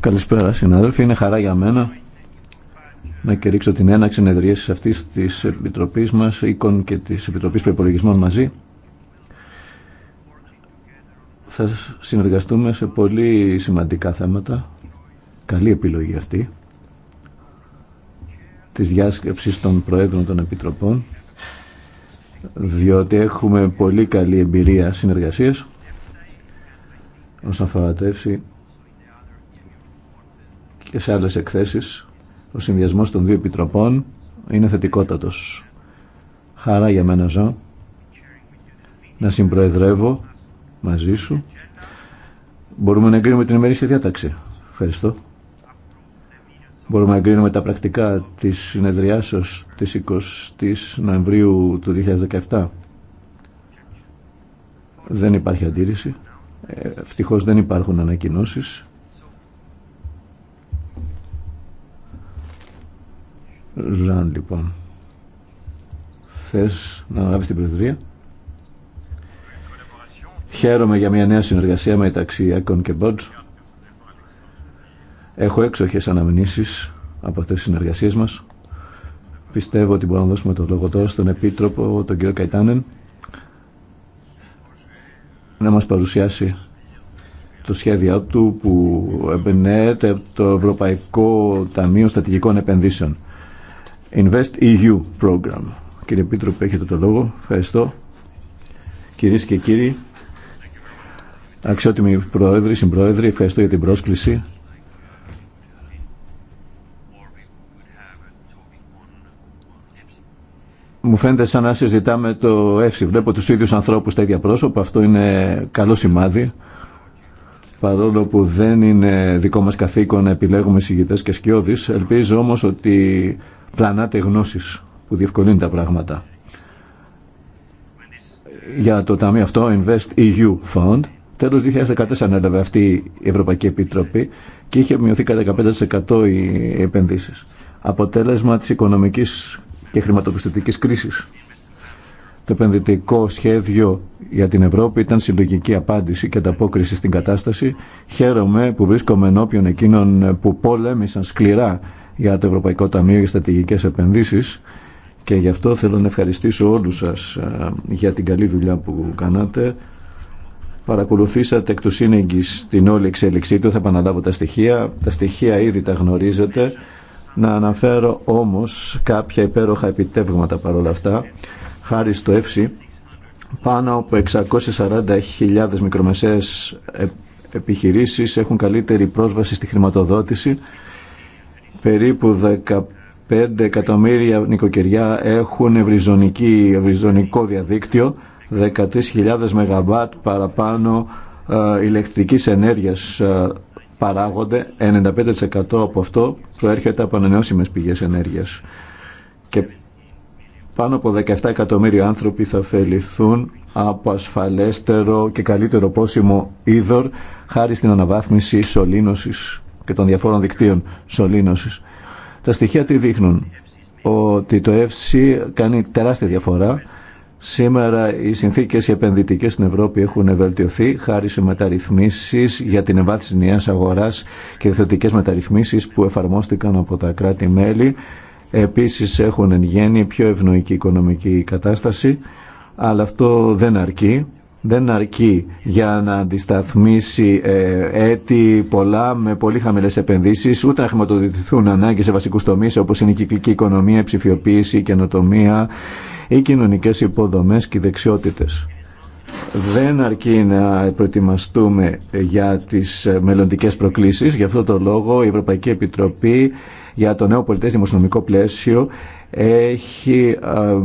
Καλησπέρα συνάδελφοι, είναι χαρά για μένα να κηρύξω την έναξη συνεδρίαση αυτή τη Επιτροπή μα, οίκων και τη Επιτροπή Προπολογισμών μαζί. Θα συνεργαστούμε σε πολύ σημαντικά θέματα. Καλή επιλογή αυτή τη διάσκεψης των Προέδρων των Επιτροπών διότι έχουμε πολύ καλή εμπειρία συνεργασίας όσον αφορά και σε άλλες εκθέσεις ο συνδυασμός των δύο επιτροπών είναι θετικότατος. Χαρά για μένα ζω να συμπροεδρεύω μαζί σου. Μπορούμε να εγκρίνουμε την ημερήσια διάταξη. Ευχαριστώ. Μπορούμε να εγκρίνουμε τα πρακτικά της συνεδριάσεως της 20ης Νοεμβρίου του 2017. Δεν υπάρχει αντίρρηση. Ε, Ευτυχώ δεν υπάρχουν ανακοινώσεις. Ζαν, λοιπόν, θες να αναλάβεις την Προεδρία. Χαίρομαι για μια νέα συνεργασία μεταξύ ΕΚΟΝ και Μπότζ. Έχω έξοχες αναμνήσεις από αυτές τις συνεργασίες μας. Πιστεύω ότι μπορούμε να δώσουμε το λόγο τώρα στον Επίτροπο, τον κύριο Καϊτάνεν, να μας παρουσιάσει το σχέδιο του που εμπνέεται από το Ευρωπαϊκό Ταμείο Στατηγικών Επενδύσεων. Invest EU Program. Κύριε Επίτροπε, έχετε το λόγο. Ευχαριστώ. Κυρίες και κύριοι, αξιότιμοι πρόεδροι, συμπρόεδροι, ευχαριστώ για την πρόσκληση Μου φαίνεται σαν να συζητάμε το εύση. Βλέπω τους ίδιους ανθρώπους τα ίδια πρόσωπα. Αυτό είναι καλό σημάδι. Παρόλο που δεν είναι δικό μας καθήκον να επιλέγουμε συγγητές και σκιώδεις, ελπίζω όμως ότι πλανάτε γνώσεις που διευκολύνει τα πράγματα. Για το ταμείο αυτό, Invest EU Fund, τέλος 2014 ανέλαβε αυτή η Ευρωπαϊκή Επιτροπή και είχε μειωθεί κατά 15% οι επενδύσεις. Αποτέλεσμα της οικονομικής και χρηματοπιστωτική κρίση. Το επενδυτικό σχέδιο για την Ευρώπη ήταν συλλογική απάντηση και ανταπόκριση στην κατάσταση. Χαίρομαι που βρίσκομαι ενώπιον εκείνων που πόλεμησαν σκληρά για το Ευρωπαϊκό Ταμείο για Στατηγικές επενδύσει. και γι' αυτό θέλω να ευχαριστήσω όλου σα ε, για την καλή δουλειά που κάνατε. Παρακολουθήσατε εκ του σύνεγγυς την όλη εξέλιξή του, θα επαναλάβω τα στοιχεία. Τα στοιχεία ήδη τα γνωρίζετε. Να αναφέρω όμως κάποια υπέροχα επιτεύγματα παρόλα αυτά. Χάρη στο ΕΦΣΥ, πάνω από 640.000 μικρομεσαίες ε, επιχειρήσεις έχουν καλύτερη πρόσβαση στη χρηματοδότηση. Περίπου 15 εκατομμύρια νοικοκυριά έχουν ευρυζωνικό διαδίκτυο, 13.000 ΜΒ παραπάνω ε, ηλεκτρικής ενέργειας ε, παράγονται 95% από αυτό προέρχεται από ανανεώσιμε πηγέ ενέργεια. Και πάνω από 17 εκατομμύρια άνθρωποι θα ωφεληθούν από ασφαλέστερο και καλύτερο πόσιμο είδωρ χάρη στην αναβάθμιση σωλήνωση και των διαφόρων δικτύων σωλήνωση. Τα στοιχεία τι δείχνουν ότι το ΕΦΣΥ κάνει τεράστια διαφορά Σήμερα οι συνθήκες οι επενδυτικές στην Ευρώπη έχουν βελτιωθεί χάρη σε μεταρρυθμίσεις για την εμβάθυνση νέας αγοράς και θετικές μεταρρυθμίσεις που εφαρμόστηκαν από τα κράτη-μέλη. Επίσης έχουν εν γέννη πιο ευνοϊκή οικονομική κατάσταση, αλλά αυτό δεν αρκεί δεν αρκεί για να αντισταθμίσει ε, έτη πολλά με πολύ χαμηλές επενδύσεις, ούτε να χρηματοδοτηθούν ανάγκες σε βασικούς τομείς όπως είναι η κυκλική οικονομία, η ψηφιοποίηση, η καινοτομία, ή κοινωνικές υποδομές και οι δεξιότητες. Δεν αρκεί να προετοιμαστούμε για τις μελλοντικές προκλήσεις. Γι' αυτό το λόγο η Ευρωπαϊκή Επιτροπή για το νέο πολιτές δημοσιονομικό πλαίσιο έχει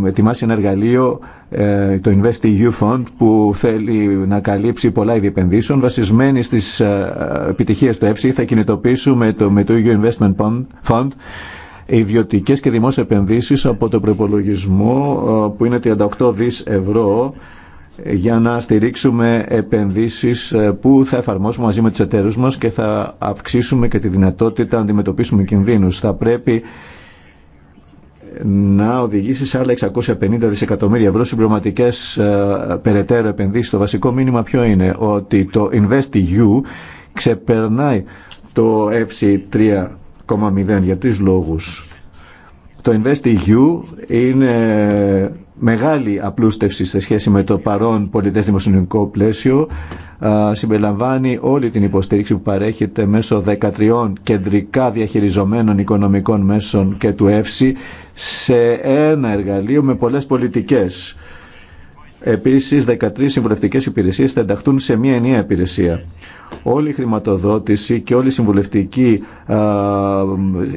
ε, ετοιμάσει ένα εργαλείο, ε, το InvestEU Fund, που θέλει να καλύψει πολλά είδη επενδύσεων. Βασισμένοι στις ε, επιτυχίες του ΕΦΣΥ θα κινητοποιήσουμε το, με το EU Investment Fund ιδιωτικές και δημόσιες επενδύσεις από το προπολογισμό που είναι 38 δις ευρώ για να στηρίξουμε επενδύσεις που θα εφαρμόσουμε μαζί με τους εταίρους μας και θα αυξήσουμε και τη δυνατότητα να αντιμετωπίσουμε κινδύνους. Θα πρέπει να οδηγήσει σε άλλα 650 δισεκατομμύρια ευρώ συμπληρωματικέ ε, περαιτέρω επενδύσει. Το βασικό μήνυμα ποιο είναι, ότι το InvestEU ξεπερνάει το FC 3,0 για τρει λόγους. Το InvestEU είναι μεγάλη απλούστευση σε σχέση με το παρόν πολιτές δημοσιονομικό πλαίσιο συμπεριλαμβάνει όλη την υποστήριξη που παρέχεται μέσω 13 κεντρικά διαχειριζομένων οικονομικών μέσων και του ΕΦΣΥ σε ένα εργαλείο με πολλές πολιτικές Επίση, 13 συμβουλευτικέ υπηρεσίε θα ενταχθούν σε μία ενιαία υπηρεσία. Όλη η χρηματοδότηση και όλη η συμβουλευτική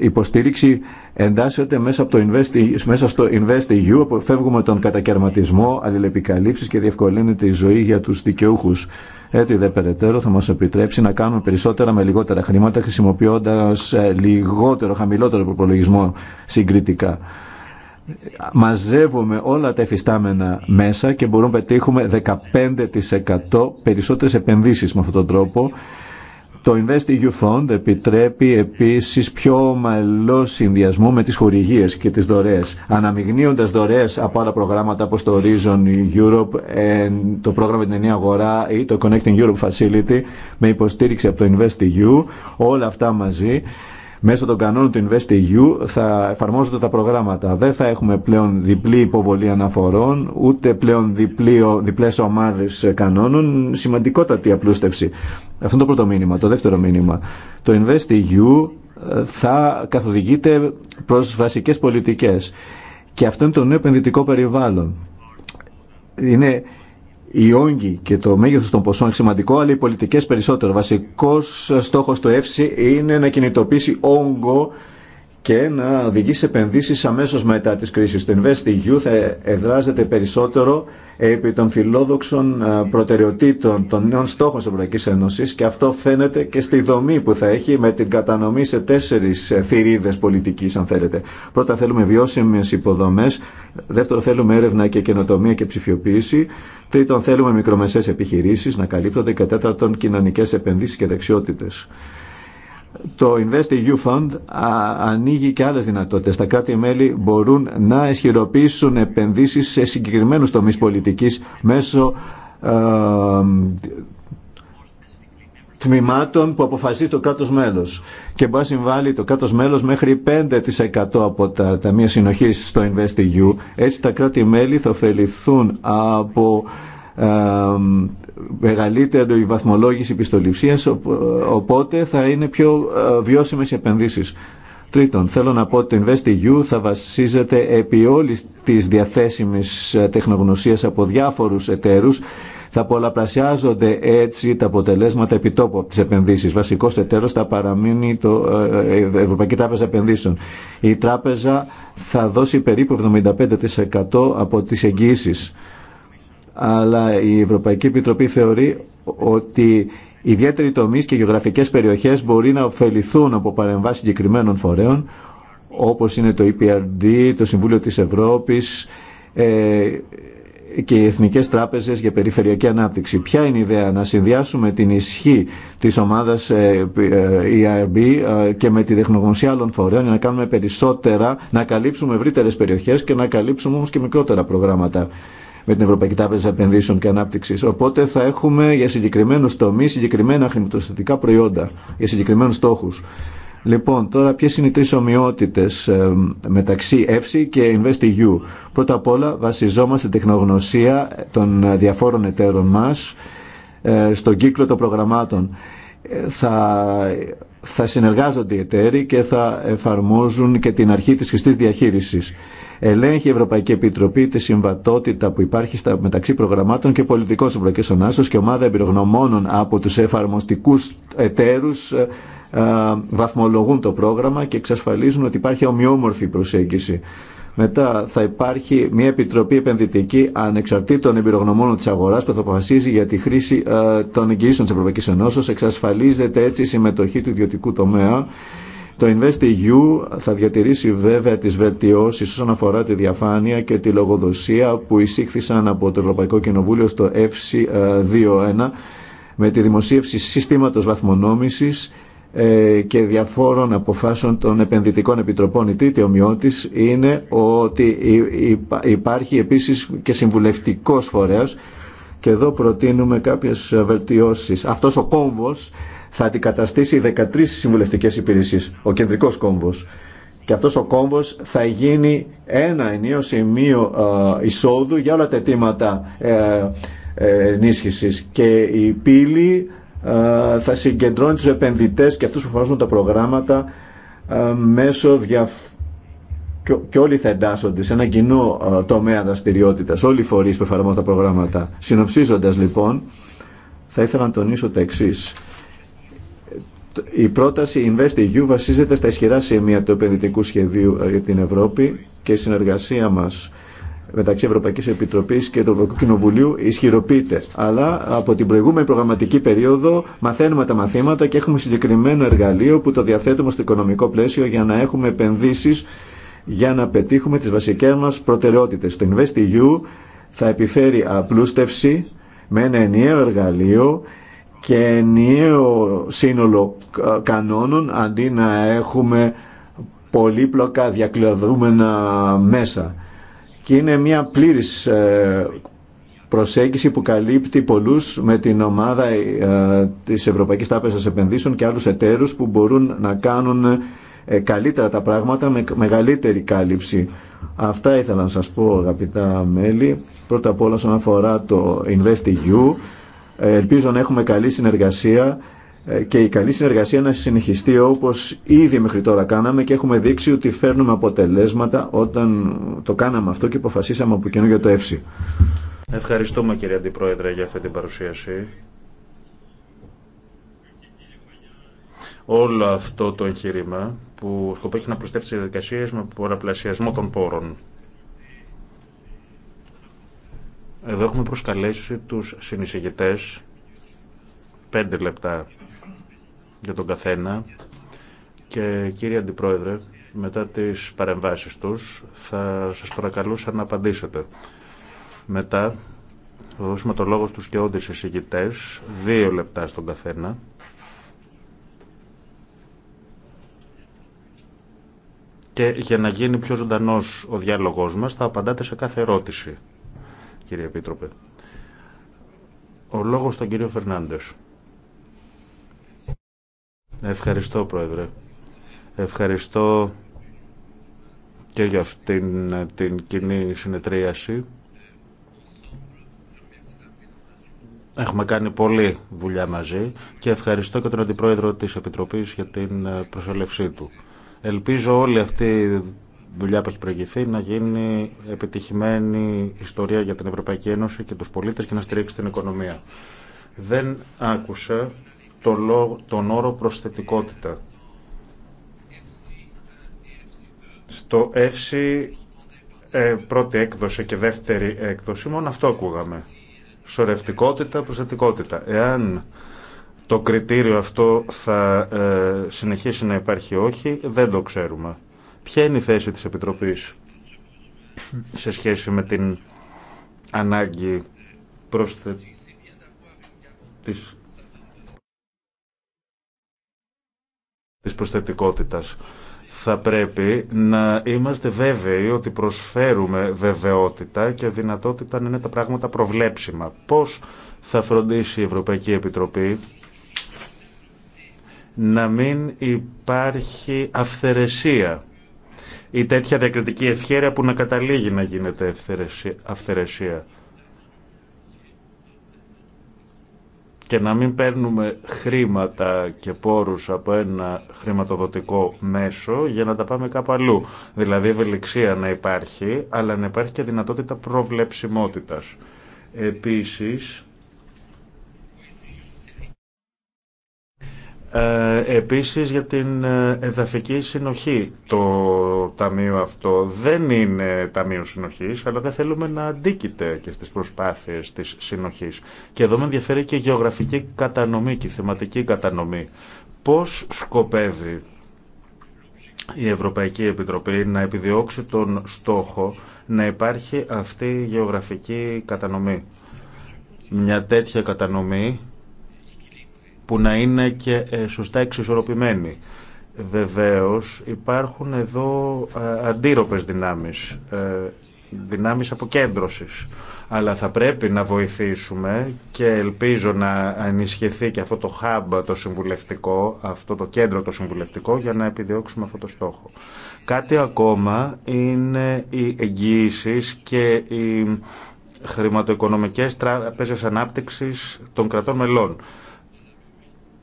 υποστήριξη εντάσσεται μέσα, από Invest, μέσα στο InvestEU, που φεύγουμε τον κατακαιρματισμό, αλληλεπικαλύψει και διευκολύνεται η ζωή για του δικαιούχου. Έτσι δε περαιτέρω θα μα επιτρέψει να κάνουμε περισσότερα με λιγότερα χρήματα, χρησιμοποιώντα ε, λιγότερο, χαμηλότερο προπολογισμό συγκριτικά μαζεύουμε όλα τα εφιστάμενα μέσα και μπορούμε να πετύχουμε 15% περισσότερες επενδύσεις με αυτόν τον τρόπο. Το InvestEU Fund επιτρέπει επίσης πιο ομαλό συνδυασμό με τις χορηγίες και τις δωρεές. Αναμειγνύοντας δωρεές από άλλα προγράμματα όπως το Horizon Europe, το πρόγραμμα την Ενία αγορά ή το Connecting Europe Facility με υποστήριξη από το InvestEU, όλα αυτά μαζί Μέσω των κανόνων του InvestEU θα εφαρμόζονται τα προγράμματα. Δεν θα έχουμε πλέον διπλή υποβολή αναφορών, ούτε πλέον διπλέ διπλές ομάδες κανόνων. Σημαντικότατη απλούστευση. Αυτό είναι το πρώτο μήνυμα. Το δεύτερο μήνυμα. Το InvestEU ε, θα καθοδηγείται προς βασικές πολιτικές. Και αυτό είναι το νέο επενδυτικό περιβάλλον. Είναι η όγκη και το μέγεθος των ποσών είναι σημαντικό, αλλά οι πολιτικές περισσότερο. Βασικός στόχος του ΕΦΣΙ είναι να κινητοποιήσει όγκο και να οδηγήσει επενδύσεις αμέσως μετά τις κρίσεις. Το InvestEU θα εδράζεται περισσότερο επί των φιλόδοξων προτεραιοτήτων των νέων στόχων της Ευρωπαϊκής Ένωσης και αυτό φαίνεται και στη δομή που θα έχει με την κατανομή σε τέσσερις ε, θηρίδες πολιτικής αν θέλετε. Πρώτα θέλουμε βιώσιμες υποδομές, δεύτερο θέλουμε έρευνα και καινοτομία και ψηφιοποίηση, τρίτον θέλουμε μικρομεσαίες επιχειρήσεις να καλύπτονται και τέταρτον κοινωνικές επενδύσεις και δεξιότητες. Το InvestEU Fund ανοίγει και άλλες δυνατότητες. Τα κράτη-μέλη μπορούν να ισχυροποιήσουν επενδύσεις σε συγκεκριμένους τομείς πολιτικής μέσω ε, τμήματων που αποφασίζει το κράτος μέλος. Και μπορεί να συμβάλλει το κράτος μέλος μέχρι 5% από τα ταμεία συνοχής στο InvestEU. Έτσι τα κράτη-μέλη θα ωφεληθούν από μεγαλύτερη βαθμολόγηση πιστοληψίας, οπότε θα είναι πιο ε, βιώσιμες οι επενδύσεις. Τρίτον, θέλω να πω ότι το InvestEU θα βασίζεται επί όλης της διαθέσιμης ε, τεχνογνωσίας από διάφορους εταίρους. Θα πολλαπλασιάζονται έτσι τα αποτελέσματα επιτόπου από τις επενδύσεις. Βασικός εταίρος θα παραμείνει το ε, Ευρωπαϊκή Τράπεζα Επενδύσεων. Η τράπεζα θα δώσει περίπου 75% από τις εγγύησεις αλλά η Ευρωπαϊκή Επιτροπή θεωρεί ότι ιδιαίτεροι τομεί και γεωγραφικέ περιοχέ μπορεί να ωφεληθούν από παρεμβάσει συγκεκριμένων φορέων, όπω είναι το EPRD, το Συμβούλιο της Ευρώπης ε, και οι Εθνικέ Τράπεζε για Περιφερειακή Ανάπτυξη. Ποια είναι η ιδέα να συνδυάσουμε την ισχύ της ομάδας ε, ε, ERB και με τη τεχνογνωσία άλλων φορέων για να κάνουμε περισσότερα, να καλύψουμε ευρύτερε περιοχέ και να καλύψουμε όμω και μικρότερα προγράμματα με την Ευρωπαϊκή Τράπεζα Επενδύσεων και Ανάπτυξη. Οπότε θα έχουμε για συγκεκριμένου τομεί συγκεκριμένα χρηματοστατικά προϊόντα, για συγκεκριμένου στόχου. Λοιπόν, τώρα ποιε είναι οι τρει ομοιότητε ε, μεταξύ ΕΦΣΙ και InvestEU. Πρώτα απ' όλα βασιζόμαστε τεχνογνωσία των διαφόρων εταίρων μα ε, στον κύκλο των προγραμμάτων. Ε, θα, θα συνεργάζονται οι εταίροι και θα εφαρμόζουν και την αρχή της χρηστής διαχείρισης ελέγχει η Ευρωπαϊκή Επιτροπή τη συμβατότητα που υπάρχει στα, μεταξύ προγραμμάτων και πολιτικών Ευρωπαϊκό ονάσεω και ομάδα εμπειρογνωμόνων από του εφαρμοστικού εταίρου ε, ε, βαθμολογούν το πρόγραμμα και εξασφαλίζουν ότι υπάρχει ομοιόμορφη προσέγγιση. Μετά θα υπάρχει μια επιτροπή επενδυτική ανεξαρτήτων εμπειρογνωμόνων τη αγορά που θα αποφασίζει για τη χρήση ε, των εγγυήσεων τη Ευρωπαϊκή Ενώσεω. Εξασφαλίζεται έτσι η συμμετοχή του ιδιωτικού τομέα το InvestEU θα διατηρήσει βέβαια τις βελτιώσεις όσον αφορά τη διαφάνεια και τη λογοδοσία που εισήχθησαν από το Ευρωπαϊκό Κοινοβούλιο στο fc 2.1 ε, με τη δημοσίευση συστήματος βαθμονόμησης ε, και διαφόρων αποφάσεων των επενδυτικών επιτροπών. Η τρίτη ομοιότης είναι ότι υπάρχει επίσης και συμβουλευτικός φορέας και εδώ προτείνουμε κάποιες βελτιώσεις. Αυτός ο κόμβος θα αντικαταστήσει 13 συμβουλευτικέ υπηρεσίε, ο κεντρικό κόμβο. Και αυτό ο κόμβο θα γίνει ένα ενίο σημείο ε, εισόδου για όλα τα αιτήματα ε, ε, ενίσχυση. Και η πύλη θα συγκεντρώνει του επενδυτέ και αυτού που εφαρμόζουν τα προγράμματα μέσω και όλοι θα εντάσσονται σε ένα κοινό τομέα δραστηριότητα. Όλοι οι φορεί που εφαρμόζουν τα προγράμματα. Συνοψίζοντα λοιπόν, θα ήθελα να τονίσω τα εξή. Η πρόταση InvestEU βασίζεται στα ισχυρά σημεία του επενδυτικού σχεδίου ε, για την Ευρώπη και η συνεργασία μας μεταξύ Ευρωπαϊκή Επιτροπή και του Ευρωπαϊκού Κοινοβουλίου ισχυροποιείται. Αλλά από την προηγούμενη προγραμματική περίοδο μαθαίνουμε τα μαθήματα και έχουμε συγκεκριμένο εργαλείο που το διαθέτουμε στο οικονομικό πλαίσιο για να έχουμε επενδύσει για να πετύχουμε τι βασικέ μα προτεραιότητε. Το InvestEU θα επιφέρει απλούστευση με ένα ενιαίο εργαλείο και ενιαίο σύνολο κανόνων αντί να έχουμε πολύπλοκα διακλειδούμενα μέσα. Και είναι μια πλήρης ε, προσέγγιση που καλύπτει πολλούς με την ομάδα ε, της Ευρωπαϊκής Τάπεζας Επενδύσεων και άλλους εταίρους που μπορούν να κάνουν ε, καλύτερα τα πράγματα με μεγαλύτερη κάλυψη. Αυτά ήθελα να σας πω αγαπητά μέλη. Πρώτα απ' όλα όσον αφορά το InvestEU Ελπίζω να έχουμε καλή συνεργασία ε, και η καλή συνεργασία να συνεχιστεί όπως ήδη μέχρι τώρα κάναμε και έχουμε δείξει ότι φέρνουμε αποτελέσματα όταν το κάναμε αυτό και αποφασίσαμε από κοινό για το ΕΦΣΥ. Ευχαριστούμε κύριε Αντιπρόεδρε για αυτή την παρουσίαση. Όλο αυτό το εγχείρημα που σκοπεύει να προστεύσει τις διαδικασίες με πολλαπλασιασμό των πόρων. Εδώ έχουμε προσκαλέσει τους συνεισηγητές, πέντε λεπτά για τον καθένα και κύριε Αντιπρόεδρε, μετά τις παρεμβάσεις τους θα σας παρακαλούσα να απαντήσετε. Μετά θα δώσουμε το λόγο στους και όντες εισηγητές, δύο λεπτά στον καθένα. Και για να γίνει πιο ζωντανός ο διάλογός μας θα απαντάτε σε κάθε ερώτηση κύριε Επίτροπε. Ο λόγος στον κύριο Φερνάντες. Ευχαριστώ, Πρόεδρε. Ευχαριστώ και για αυτήν την κοινή συνετρίαση. Έχουμε κάνει πολλή δουλειά μαζί και ευχαριστώ και τον Αντιπρόεδρο της Επιτροπής για την προσελευσή του. Ελπίζω όλη αυτή δουλειά που έχει προηγηθεί να γίνει επιτυχημένη ιστορία για την Ευρωπαϊκή Ένωση και τους πολίτες και να στηρίξει την οικονομία. Δεν άκουσα τον όρο προσθετικότητα. Στο ΕΦΣΙ πρώτη έκδοση και δεύτερη έκδοση μόνο αυτό ακούγαμε. Σορευτικότητα, προσθετικότητα. Εάν το κριτήριο αυτό θα ε, συνεχίσει να υπάρχει όχι, δεν το ξέρουμε. Ποια είναι η θέση της Επιτροπής σε σχέση με την ανάγκη τη της... της προσθετικότητας. Θα πρέπει να είμαστε βέβαιοι ότι προσφέρουμε βεβαιότητα και δυνατότητα να είναι τα πράγματα προβλέψιμα. Πώς θα φροντίσει η Ευρωπαϊκή Επιτροπή να μην υπάρχει αυθαιρεσία ή τέτοια διακριτική ευχαίρεια που να καταλήγει να γίνεται αυθαιρεσία. Και να μην παίρνουμε χρήματα και πόρους από ένα χρηματοδοτικό μέσο για να τα πάμε κάπου αλλού. Δηλαδή ευελιξία να υπάρχει, αλλά να υπάρχει και δυνατότητα προβλεψιμότητας. Επίσης, Ε, επίσης για την ε, εδαφική συνοχή το ταμείο αυτό δεν είναι ταμείο συνοχής αλλά δεν θέλουμε να αντίκειται και στις προσπάθειες της συνοχής και εδώ με ενδιαφέρει και η γεωγραφική κατανομή και θεματική κατανομή πώς σκοπεύει η Ευρωπαϊκή Επιτροπή να επιδιώξει τον στόχο να υπάρχει αυτή η γεωγραφική κατανομή μια τέτοια κατανομή που να είναι και ε, σωστά εξισορροπημένη. Βεβαίως υπάρχουν εδώ ε, αντίρροπες δυνάμεις, ε, δυνάμεις αποκέντρωσης. Αλλά θα πρέπει να βοηθήσουμε και ελπίζω να ενισχυθεί και αυτό το hub το συμβουλευτικό, αυτό το κέντρο το συμβουλευτικό για να επιδιώξουμε αυτό το στόχο. Κάτι ακόμα είναι οι εγγυήσει και οι χρηματοοικονομικές τράπεζες ανάπτυξης των κρατών μελών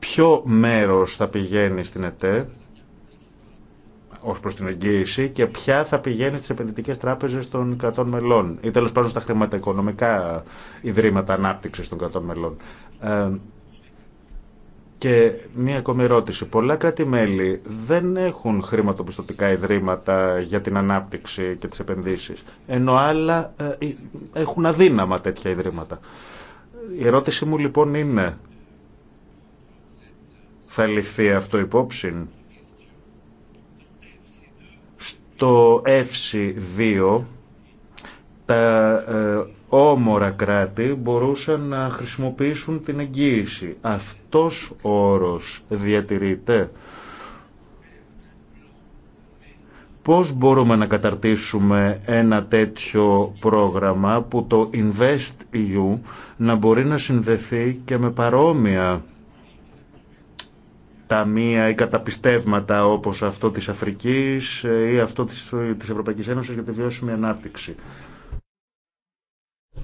ποιο μέρος θα πηγαίνει στην ΕΤΕ ως προς την εγγύηση και ποια θα πηγαίνει στις επενδυτικές τράπεζες των κρατών μελών ή τέλος πάντων στα χρηματοοικονομικά ιδρύματα ανάπτυξης των κρατών μελών. Ε, και μία ακόμη ερώτηση. Πολλά κράτη-μέλη δεν έχουν χρηματοπιστωτικά ιδρύματα για την ανάπτυξη και τις επενδύσεις, ενώ άλλα ε, ε, έχουν αδύναμα τέτοια ιδρύματα. Η ερώτηση μου λοιπόν είναι θα ληφθεί αυτό υπόψη. Στο ΕΦΣΙ 2 τα ε, όμορα κράτη μπορούσαν να χρησιμοποιήσουν την εγγύηση. Αυτός ο όρος διατηρείται. Πώς μπορούμε να καταρτήσουμε ένα τέτοιο πρόγραμμα που το InvestEU να μπορεί να συνδεθεί και με παρόμοια ταμεία ή καταπιστεύματα όπως αυτό της Αφρικής ε, ή αυτό της, της Ευρωπαϊκής Ένωσης για τη βιώσιμη ανάπτυξη.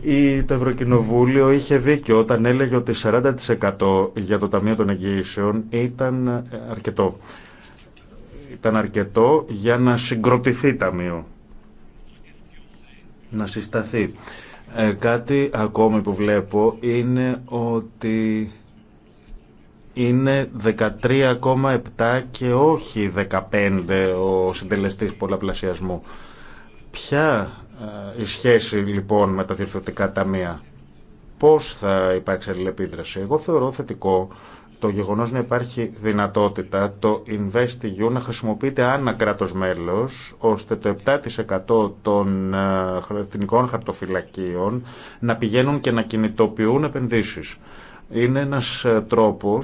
Ή το Ευρωκοινοβούλιο είχε δίκιο όταν έλεγε ότι 40% για το Ταμείο των Αγγίσεων ήταν ε, αρκετό. Ήταν αρκετό για να συγκροτηθεί ταμείο, να συσταθεί. Ε, κάτι ακόμη που βλέπω είναι ότι είναι 13,7 και όχι 15 ο συντελεστής πολλαπλασιασμού. Ποια ε, η σχέση λοιπόν με τα διευθυντικά ταμεία, πώς θα υπάρξει αλληλεπίδραση. Εγώ θεωρώ θετικό το γεγονός να υπάρχει δυνατότητα το InvestEU να χρησιμοποιείται ανά κράτο μέλο, ώστε το 7% των ε, εθνικών χαρτοφυλακίων να πηγαίνουν και να κινητοποιούν επενδύσεις. Είναι ένας ε, τρόπο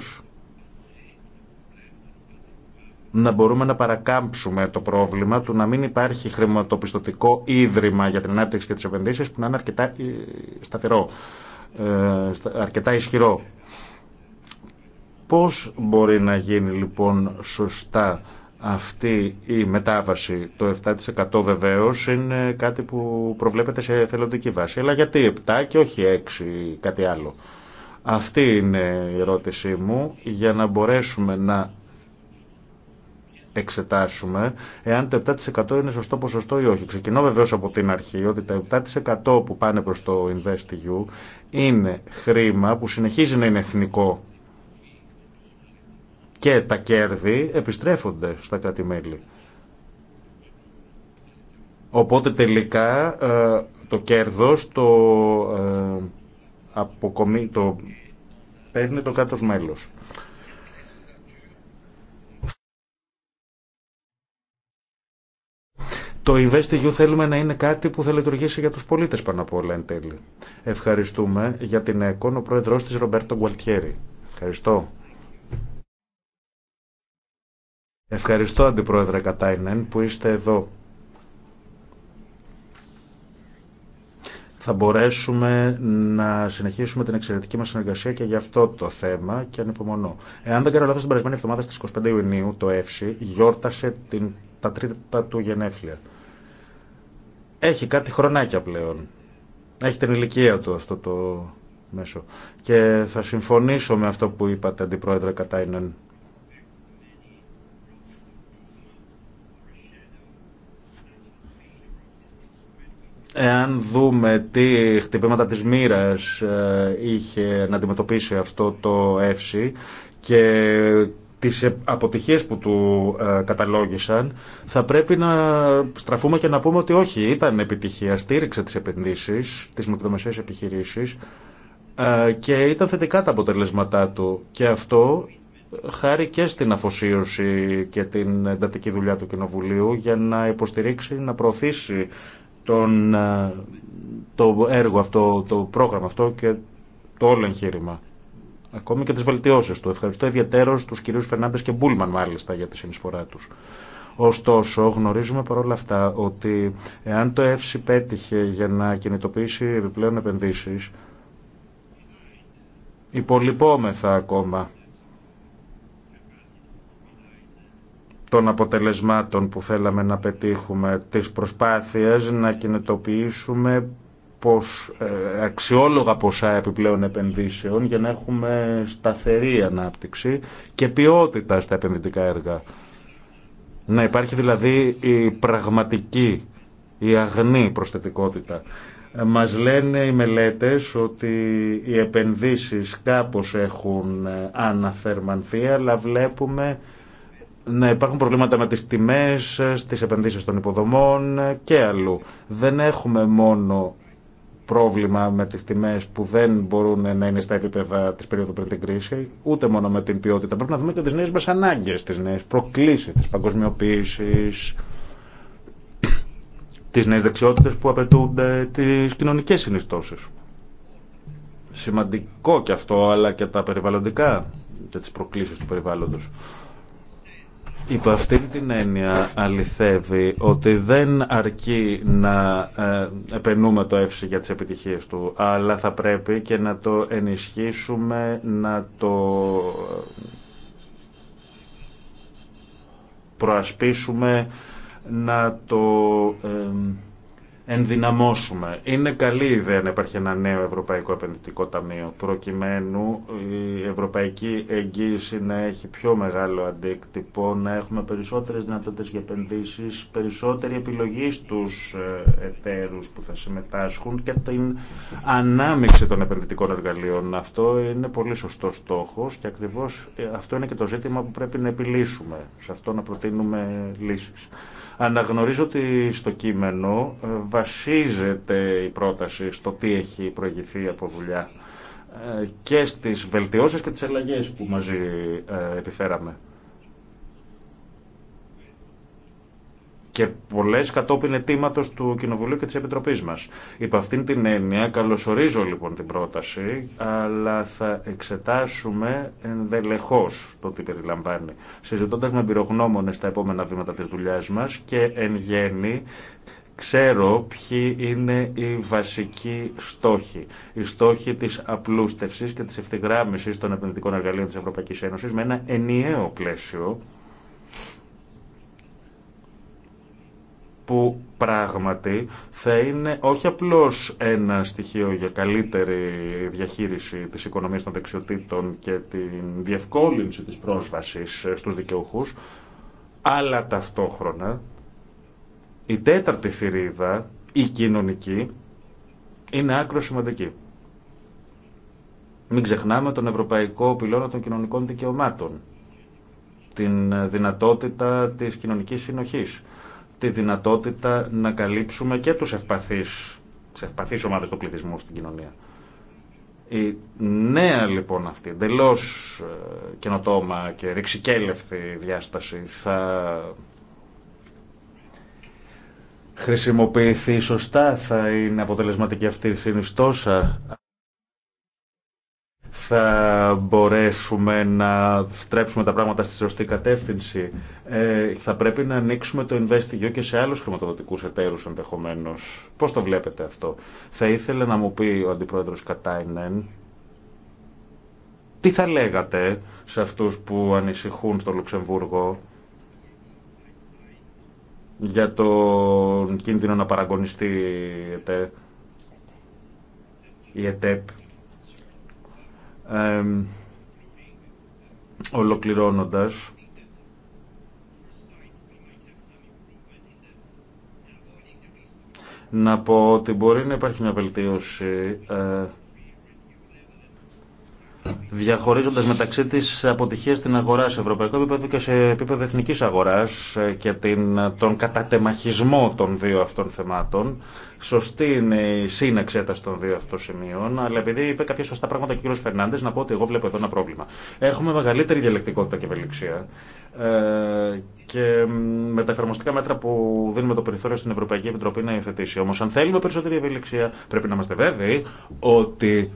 να μπορούμε να παρακάμψουμε το πρόβλημα του να μην υπάρχει χρηματοπιστωτικό ίδρυμα για την ανάπτυξη και τις επενδύσεις που να είναι αρκετά ε, σταθερό, ε, αρκετά ισχυρό. Πώς μπορεί να γίνει λοιπόν σωστά αυτή η μετάβαση, το 7% βεβαίως, είναι κάτι που προβλέπεται σε θελοντική βάση. Αλλά γιατί 7 και όχι 6 ή κάτι άλλο. Αυτή είναι ερώτησή μου για να μπορέσουμε να εξετάσουμε εάν το 7% είναι σωστό ποσοστό ή όχι. Ξεκινώ βεβαίως από την αρχή ότι τα 7% που πάνε προς το InvestEU είναι χρήμα που συνεχίζει να είναι εθνικό και τα κέρδη επιστρέφονται στα κρατη Οπότε τελικά ε, το κέρδος το, ε, αποκομί, το παίρνει το κράτος μέλος. Το InvestEU θέλουμε να είναι κάτι που θα λειτουργήσει για τους πολίτες πάνω απ' όλα εν τέλει. Ευχαριστούμε για την ΕΚΟΝ ο πρόεδρος της Ρομπέρτο Γκουαλτιέρη. Ευχαριστώ. Ευχαριστώ Αντιπρόεδρε Κατάινεν που είστε εδώ. θα μπορέσουμε να συνεχίσουμε την εξαιρετική μας συνεργασία και για αυτό το θέμα και ανυπομονώ. Εάν δεν κάνω λάθος, την περασμένη εβδομάδα στις 25 Ιουνίου το ΕΦΣΙ γιόρτασε την, τα τρίτα του γενέθλια έχει κάτι χρονάκια πλέον. Έχει την ηλικία του αυτό το μέσο. Και θα συμφωνήσω με αυτό που είπατε, Αντιπρόεδρε Κατάινεν. Εάν δούμε τι χτυπήματα της μοίρα ε, είχε να αντιμετωπίσει αυτό το Εύση. και τις αποτυχίες που του ε, καταλόγησαν θα πρέπει να στραφούμε και να πούμε ότι όχι, ήταν επιτυχία, στήριξε τις επενδύσεις, τις μικρομεσαίες επιχειρήσεις ε, και ήταν θετικά τα αποτελέσματά του και αυτό χάρη και στην αφοσίωση και την εντατική δουλειά του Κοινοβουλίου για να υποστηρίξει, να προωθήσει τον, ε, το έργο αυτό, το πρόγραμμα αυτό και το όλο εγχείρημα ακόμη και τι βελτιώσει του. Ευχαριστώ ιδιαίτερω του κυρίου Φερνάντε και Μπούλμαν, μάλιστα, για τη συνεισφορά του. Ωστόσο, γνωρίζουμε παρόλα αυτά ότι εάν το ΕΦΣΥ πέτυχε για να κινητοποιήσει επιπλέον επενδύσει, υπολοιπόμεθα ακόμα των αποτελεσμάτων που θέλαμε να πετύχουμε, τις προσπάθειές να κινητοποιήσουμε πως, ε, αξιόλογα ποσά επιπλέον επενδύσεων για να έχουμε σταθερή ανάπτυξη και ποιότητα στα επενδυτικά έργα. Να υπάρχει δηλαδή η πραγματική, η αγνή προσθετικότητα. Ε, μας λένε οι μελέτες ότι οι επενδύσεις κάπως έχουν ε, αναθερμανθεί, αλλά βλέπουμε να υπάρχουν προβλήματα με τις τιμές, στις επενδύσεις των υποδομών και αλλού. Δεν έχουμε μόνο πρόβλημα με τις τιμές που δεν μπορούν να είναι στα επίπεδα της περίοδου πριν την κρίση, ούτε μόνο με την ποιότητα. Πρέπει να δούμε και τις νέες μας ανάγκες, τις νέες προκλήσεις, τις παγκοσμιοποίησεις, τις νέες δεξιότητες που απαιτούνται, τις κοινωνικές συνιστώσεις. Σημαντικό και αυτό, αλλά και τα περιβαλλοντικά και τις προκλήσεις του περιβάλλοντος. Υπό αυτήν την έννοια αληθεύει ότι δεν αρκεί να ε, επενούμε το ΕΦΣΙ για τις επιτυχίες του, αλλά θα πρέπει και να το ενισχύσουμε, να το προασπίσουμε, να το ε, ενδυναμώσουμε. Είναι καλή ιδέα να υπάρχει ένα νέο Ευρωπαϊκό Επενδυτικό Ταμείο, προκειμένου η Ευρωπαϊκή Εγγύηση να έχει πιο μεγάλο αντίκτυπο, να έχουμε περισσότερες δυνατότητες για επενδύσεις, περισσότερη επιλογή στους ε, εταίρους που θα συμμετάσχουν και την ανάμειξη των επενδυτικών εργαλείων. Αυτό είναι πολύ σωστό στόχος και ακριβώς ε, αυτό είναι και το ζήτημα που πρέπει να επιλύσουμε. Σε αυτό να προτείνουμε λύσεις. Αναγνωρίζω ότι στο κείμενο ε, βασίζεται η πρόταση στο τι έχει προηγηθεί από δουλειά ε, και στις βελτιώσεις και τις αλλαγές που μαζί ε, επιφέραμε. και πολλέ κατόπιν αιτήματο του Κοινοβουλίου και τη Επιτροπή μα. Υπ' αυτήν την έννοια, καλωσορίζω λοιπόν την πρόταση, αλλά θα εξετάσουμε ενδελεχώ το τι περιλαμβάνει, συζητώντα με εμπειρογνώμονε τα επόμενα βήματα τη δουλειά μα και εν γέννη ξέρω ποιοι είναι οι βασικοί στόχοι. Οι στόχοι της απλούστευσης και της ευθυγράμμισης των επενδυτικών εργαλείων της Ευρωπαϊκής Ένωσης με ένα ενιαίο πλαίσιο που πράγματι θα είναι όχι απλώς ένα στοιχείο για καλύτερη διαχείριση της οικονομίας των δεξιοτήτων και την διευκόλυνση της πρόσβασης στους δικαιούχους, αλλά ταυτόχρονα η τέταρτη θηρίδα, η κοινωνική, είναι άκρο σημαντική. Μην ξεχνάμε τον Ευρωπαϊκό Πυλώνα των Κοινωνικών Δικαιωμάτων, την δυνατότητα της κοινωνικής συνοχής, τη δυνατότητα να καλύψουμε και τους ευπαθείς, τις ευπαθείς ομάδες του πληθυσμού στην κοινωνία. Η νέα λοιπόν αυτή, εντελώ ε, καινοτόμα και ρηξικέλευτη διάσταση θα χρησιμοποιηθεί σωστά, θα είναι αποτελεσματική αυτή η συνιστόσα θα μπορέσουμε να στρέψουμε τα πράγματα στη σωστή κατεύθυνση. Ε, θα πρέπει να ανοίξουμε το InvestEU και σε άλλους χρηματοδοτικούς εταίρους ενδεχομένως. Πώς το βλέπετε αυτό. Θα ήθελε να μου πει ο Αντιπρόεδρος Κατάινεν τι θα λέγατε σε αυτούς που ανησυχούν στο Λουξεμβούργο για τον κίνδυνο να παραγωνιστεί η ΕΤΕΠ. Η ΕΤΕΠ ε, ολοκληρώνοντας, να πω ότι μπορεί να υπάρχει μια βελτίωση ε, διαχωρίζοντα μεταξύ τη αποτυχία στην αγορά σε ευρωπαϊκό επίπεδο και σε επίπεδο εθνική αγορά ε, και την, τον κατατεμαχισμό των δύο αυτών θεμάτων. Σωστή είναι η σύνεξέταση των δύο αυτών σημείων, αλλά επειδή είπε κάποια σωστά πράγματα ο κ. Φερνάντε, να πω ότι εγώ βλέπω εδώ ένα πρόβλημα. Έχουμε μεγαλύτερη διαλεκτικότητα και ευελιξία ε, και με τα εφαρμοστικά μέτρα που δίνουμε το περιθώριο στην Ευρωπαϊκή Επιτροπή να υιοθετήσει. Όμω, αν θέλουμε περισσότερη ευελιξία, πρέπει να είμαστε βέβαιοι ότι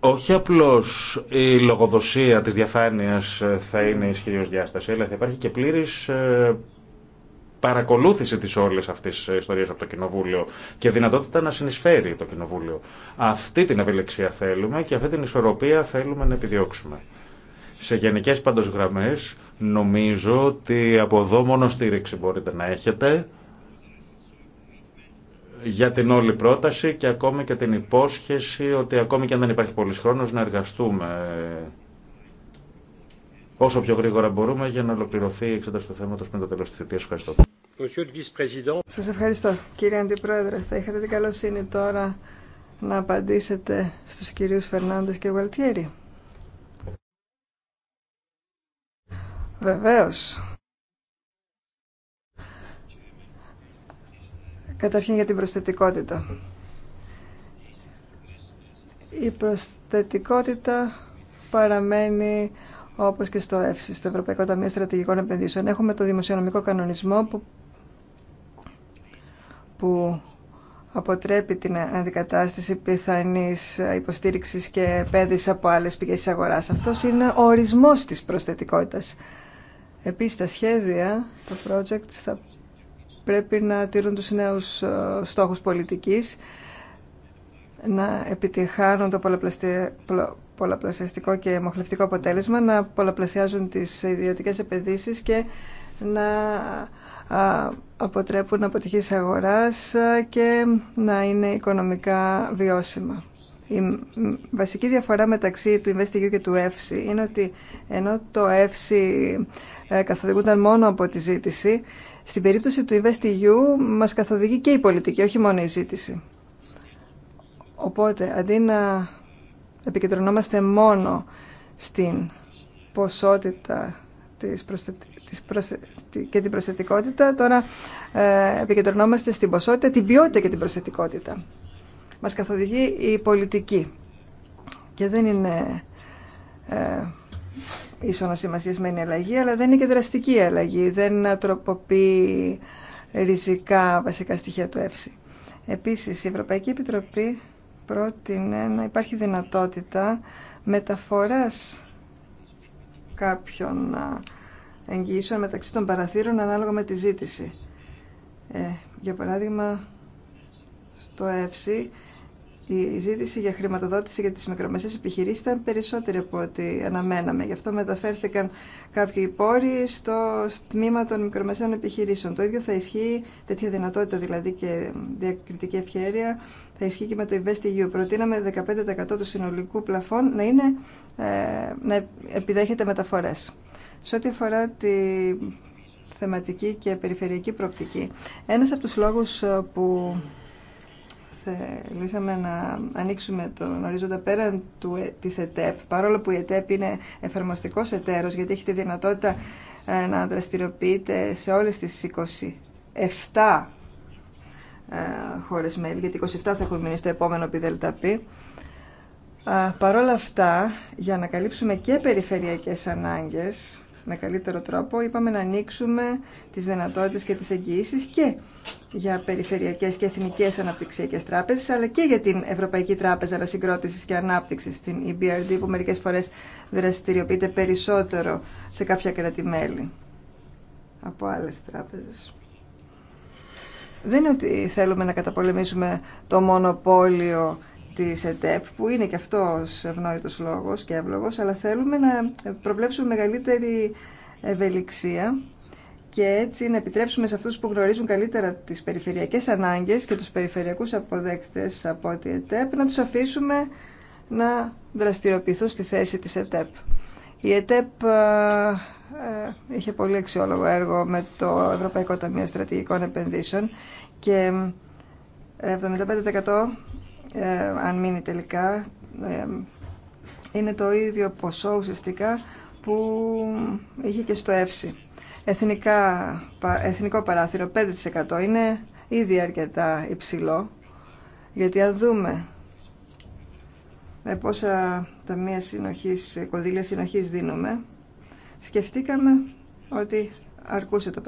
όχι απλώς η λογοδοσία της διαφάνειας ε, θα είναι ισχυρή διάσταση, αλλά θα υπάρχει και πλήρης ε, παρακολούθηση της όλης αυτής της ε, ιστορίας από το Κοινοβούλιο και δυνατότητα να συνεισφέρει το Κοινοβούλιο. Αυτή την ευελιξία θέλουμε και αυτή την ισορροπία θέλουμε να επιδιώξουμε. Σε γενικές πάντως νομίζω ότι από εδώ μόνο στήριξη μπορείτε να έχετε για την όλη πρόταση και ακόμη και την υπόσχεση ότι ακόμη και αν δεν υπάρχει πολλής χρόνος να εργαστούμε όσο πιο γρήγορα μπορούμε για να ολοκληρωθεί η εξέταση του θέματος πριν το τέλος της θητείας. Ευχαριστώ. Σας ευχαριστώ κύριε Αντιπρόεδρε. Θα είχατε την καλοσύνη τώρα να απαντήσετε στους κυρίους Φερνάντες και Γουαλτιέρη. Βεβαίως. Καταρχήν για την προσθετικότητα. Η προσθετικότητα παραμένει όπως και στο ΕΦΣΙ, στο Ευρωπαϊκό Ταμείο Στρατηγικών Επενδύσεων. Έχουμε το δημοσιονομικό κανονισμό που, που αποτρέπει την αντικατάσταση πιθανής υποστήριξης και επένδυση από άλλες πηγές της αγοράς. Αυτός είναι ο ορισμός της προσθετικότητας. Επίσης τα σχέδια, τα project θα πρέπει να τηρούν τους νέους ε, στόχους πολιτικής, να επιτυχάνουν το πολλαπλασιαστικό και μοχλευτικό αποτέλεσμα, να πολλαπλασιάζουν τις ιδιωτικές επενδύσεις και να αποτρέπουν αποτυχής αγοράς ε, και να είναι οικονομικά βιώσιμα. Η βασική διαφορά μεταξύ του InvestEU και του EFSI είναι ότι ενώ το EFSI ε, καθοδηγούνταν μόνο από τη ζήτηση, στην περίπτωση του InvestEU μας καθοδηγεί και η πολιτική, όχι μόνο η ζήτηση. Οπότε, αντί να επικεντρωνόμαστε μόνο στην ποσότητα της και την προσθετικότητα, τώρα ε, επικεντρωνόμαστε στην ποσότητα, την ποιότητα και την προσθετικότητα μας καθοδηγεί η πολιτική. Και δεν είναι ε, ίσονα σημασία αλλαγή, αλλά δεν είναι και δραστική αλλαγή. Δεν τροποποιεί ριζικά βασικά στοιχεία του ΕΦΣΥ. Επίσης, η Ευρωπαϊκή Επιτροπή πρότεινε να υπάρχει δυνατότητα μεταφοράς κάποιων ε, εγγυήσεων μεταξύ των παραθύρων ανάλογα με τη ζήτηση. Ε, για παράδειγμα, στο ΕΦΣΥ η ζήτηση για χρηματοδότηση για τις μικρομεσαίες επιχειρήσεις ήταν περισσότερη από ό,τι αναμέναμε. Γι' αυτό μεταφέρθηκαν κάποιοι πόροι στο τμήμα των μικρομεσαίων επιχειρήσεων. Το ίδιο θα ισχύει, τέτοια δυνατότητα δηλαδή και διακριτική ευχαίρεια, θα ισχύει και με το InvestEU. Προτείναμε 15% του συνολικού πλαφών να, είναι, ε, να επιδέχεται μεταφορές. Σε ό,τι αφορά τη θεματική και περιφερειακή προοπτική. Ένας από τους λόγους ε, που θελήσαμε να ανοίξουμε τον ορίζοντα πέραν του, ε, της ΕΤΕΠ, παρόλο που η ΕΤΕΠ είναι εφαρμοστικός εταίρος, γιατί έχει τη δυνατότητα ε, να δραστηριοποιείται σε όλες τις 27 ε, χώρες μέλη, γιατί 27 θα έχουν μείνει στο επόμενο πι. πι. Παρόλα αυτά, για να καλύψουμε και περιφερειακές ανάγκες, με καλύτερο τρόπο, είπαμε να ανοίξουμε τις δυνατότητες και τις εγγυήσεις και για περιφερειακές και εθνικές αναπτυξιακές τράπεζες, αλλά και για την Ευρωπαϊκή Τράπεζα Ανασυγκρότησης και Ανάπτυξης, την EBRD, που μερικές φορές δραστηριοποιείται περισσότερο σε κάποια κράτη-μέλη από άλλες τράπεζες. Δεν είναι ότι θέλουμε να καταπολεμήσουμε το μονοπόλιο της ΕΤΕΠ, που είναι και αυτός ευνόητος λόγος και εύλογος, αλλά θέλουμε να προβλέψουμε μεγαλύτερη ευελιξία και έτσι να επιτρέψουμε σε αυτούς που γνωρίζουν καλύτερα τις περιφερειακές ανάγκες και τους περιφερειακούς αποδέκτες από την ΕΤΕΠ να τους αφήσουμε να δραστηριοποιηθούν στη θέση της ΕΤΕΠ. Η ΕΤΕΠ ε, ε, είχε πολύ αξιόλογο έργο με το Ευρωπαϊκό Ταμείο Στρατηγικών Επενδύσεων και 75% ε, ε, αν μείνει τελικά, ε, είναι το ίδιο ποσό ουσιαστικά που είχε και στο ΕΦΣΥ. Εθνικά, εθνικό παράθυρο 5% είναι ήδη αρκετά υψηλό, γιατί αν δούμε ε, πόσα ταμεία συνοχής, κονδύλια συνοχής δίνουμε, σκεφτήκαμε ότι αρκούσε το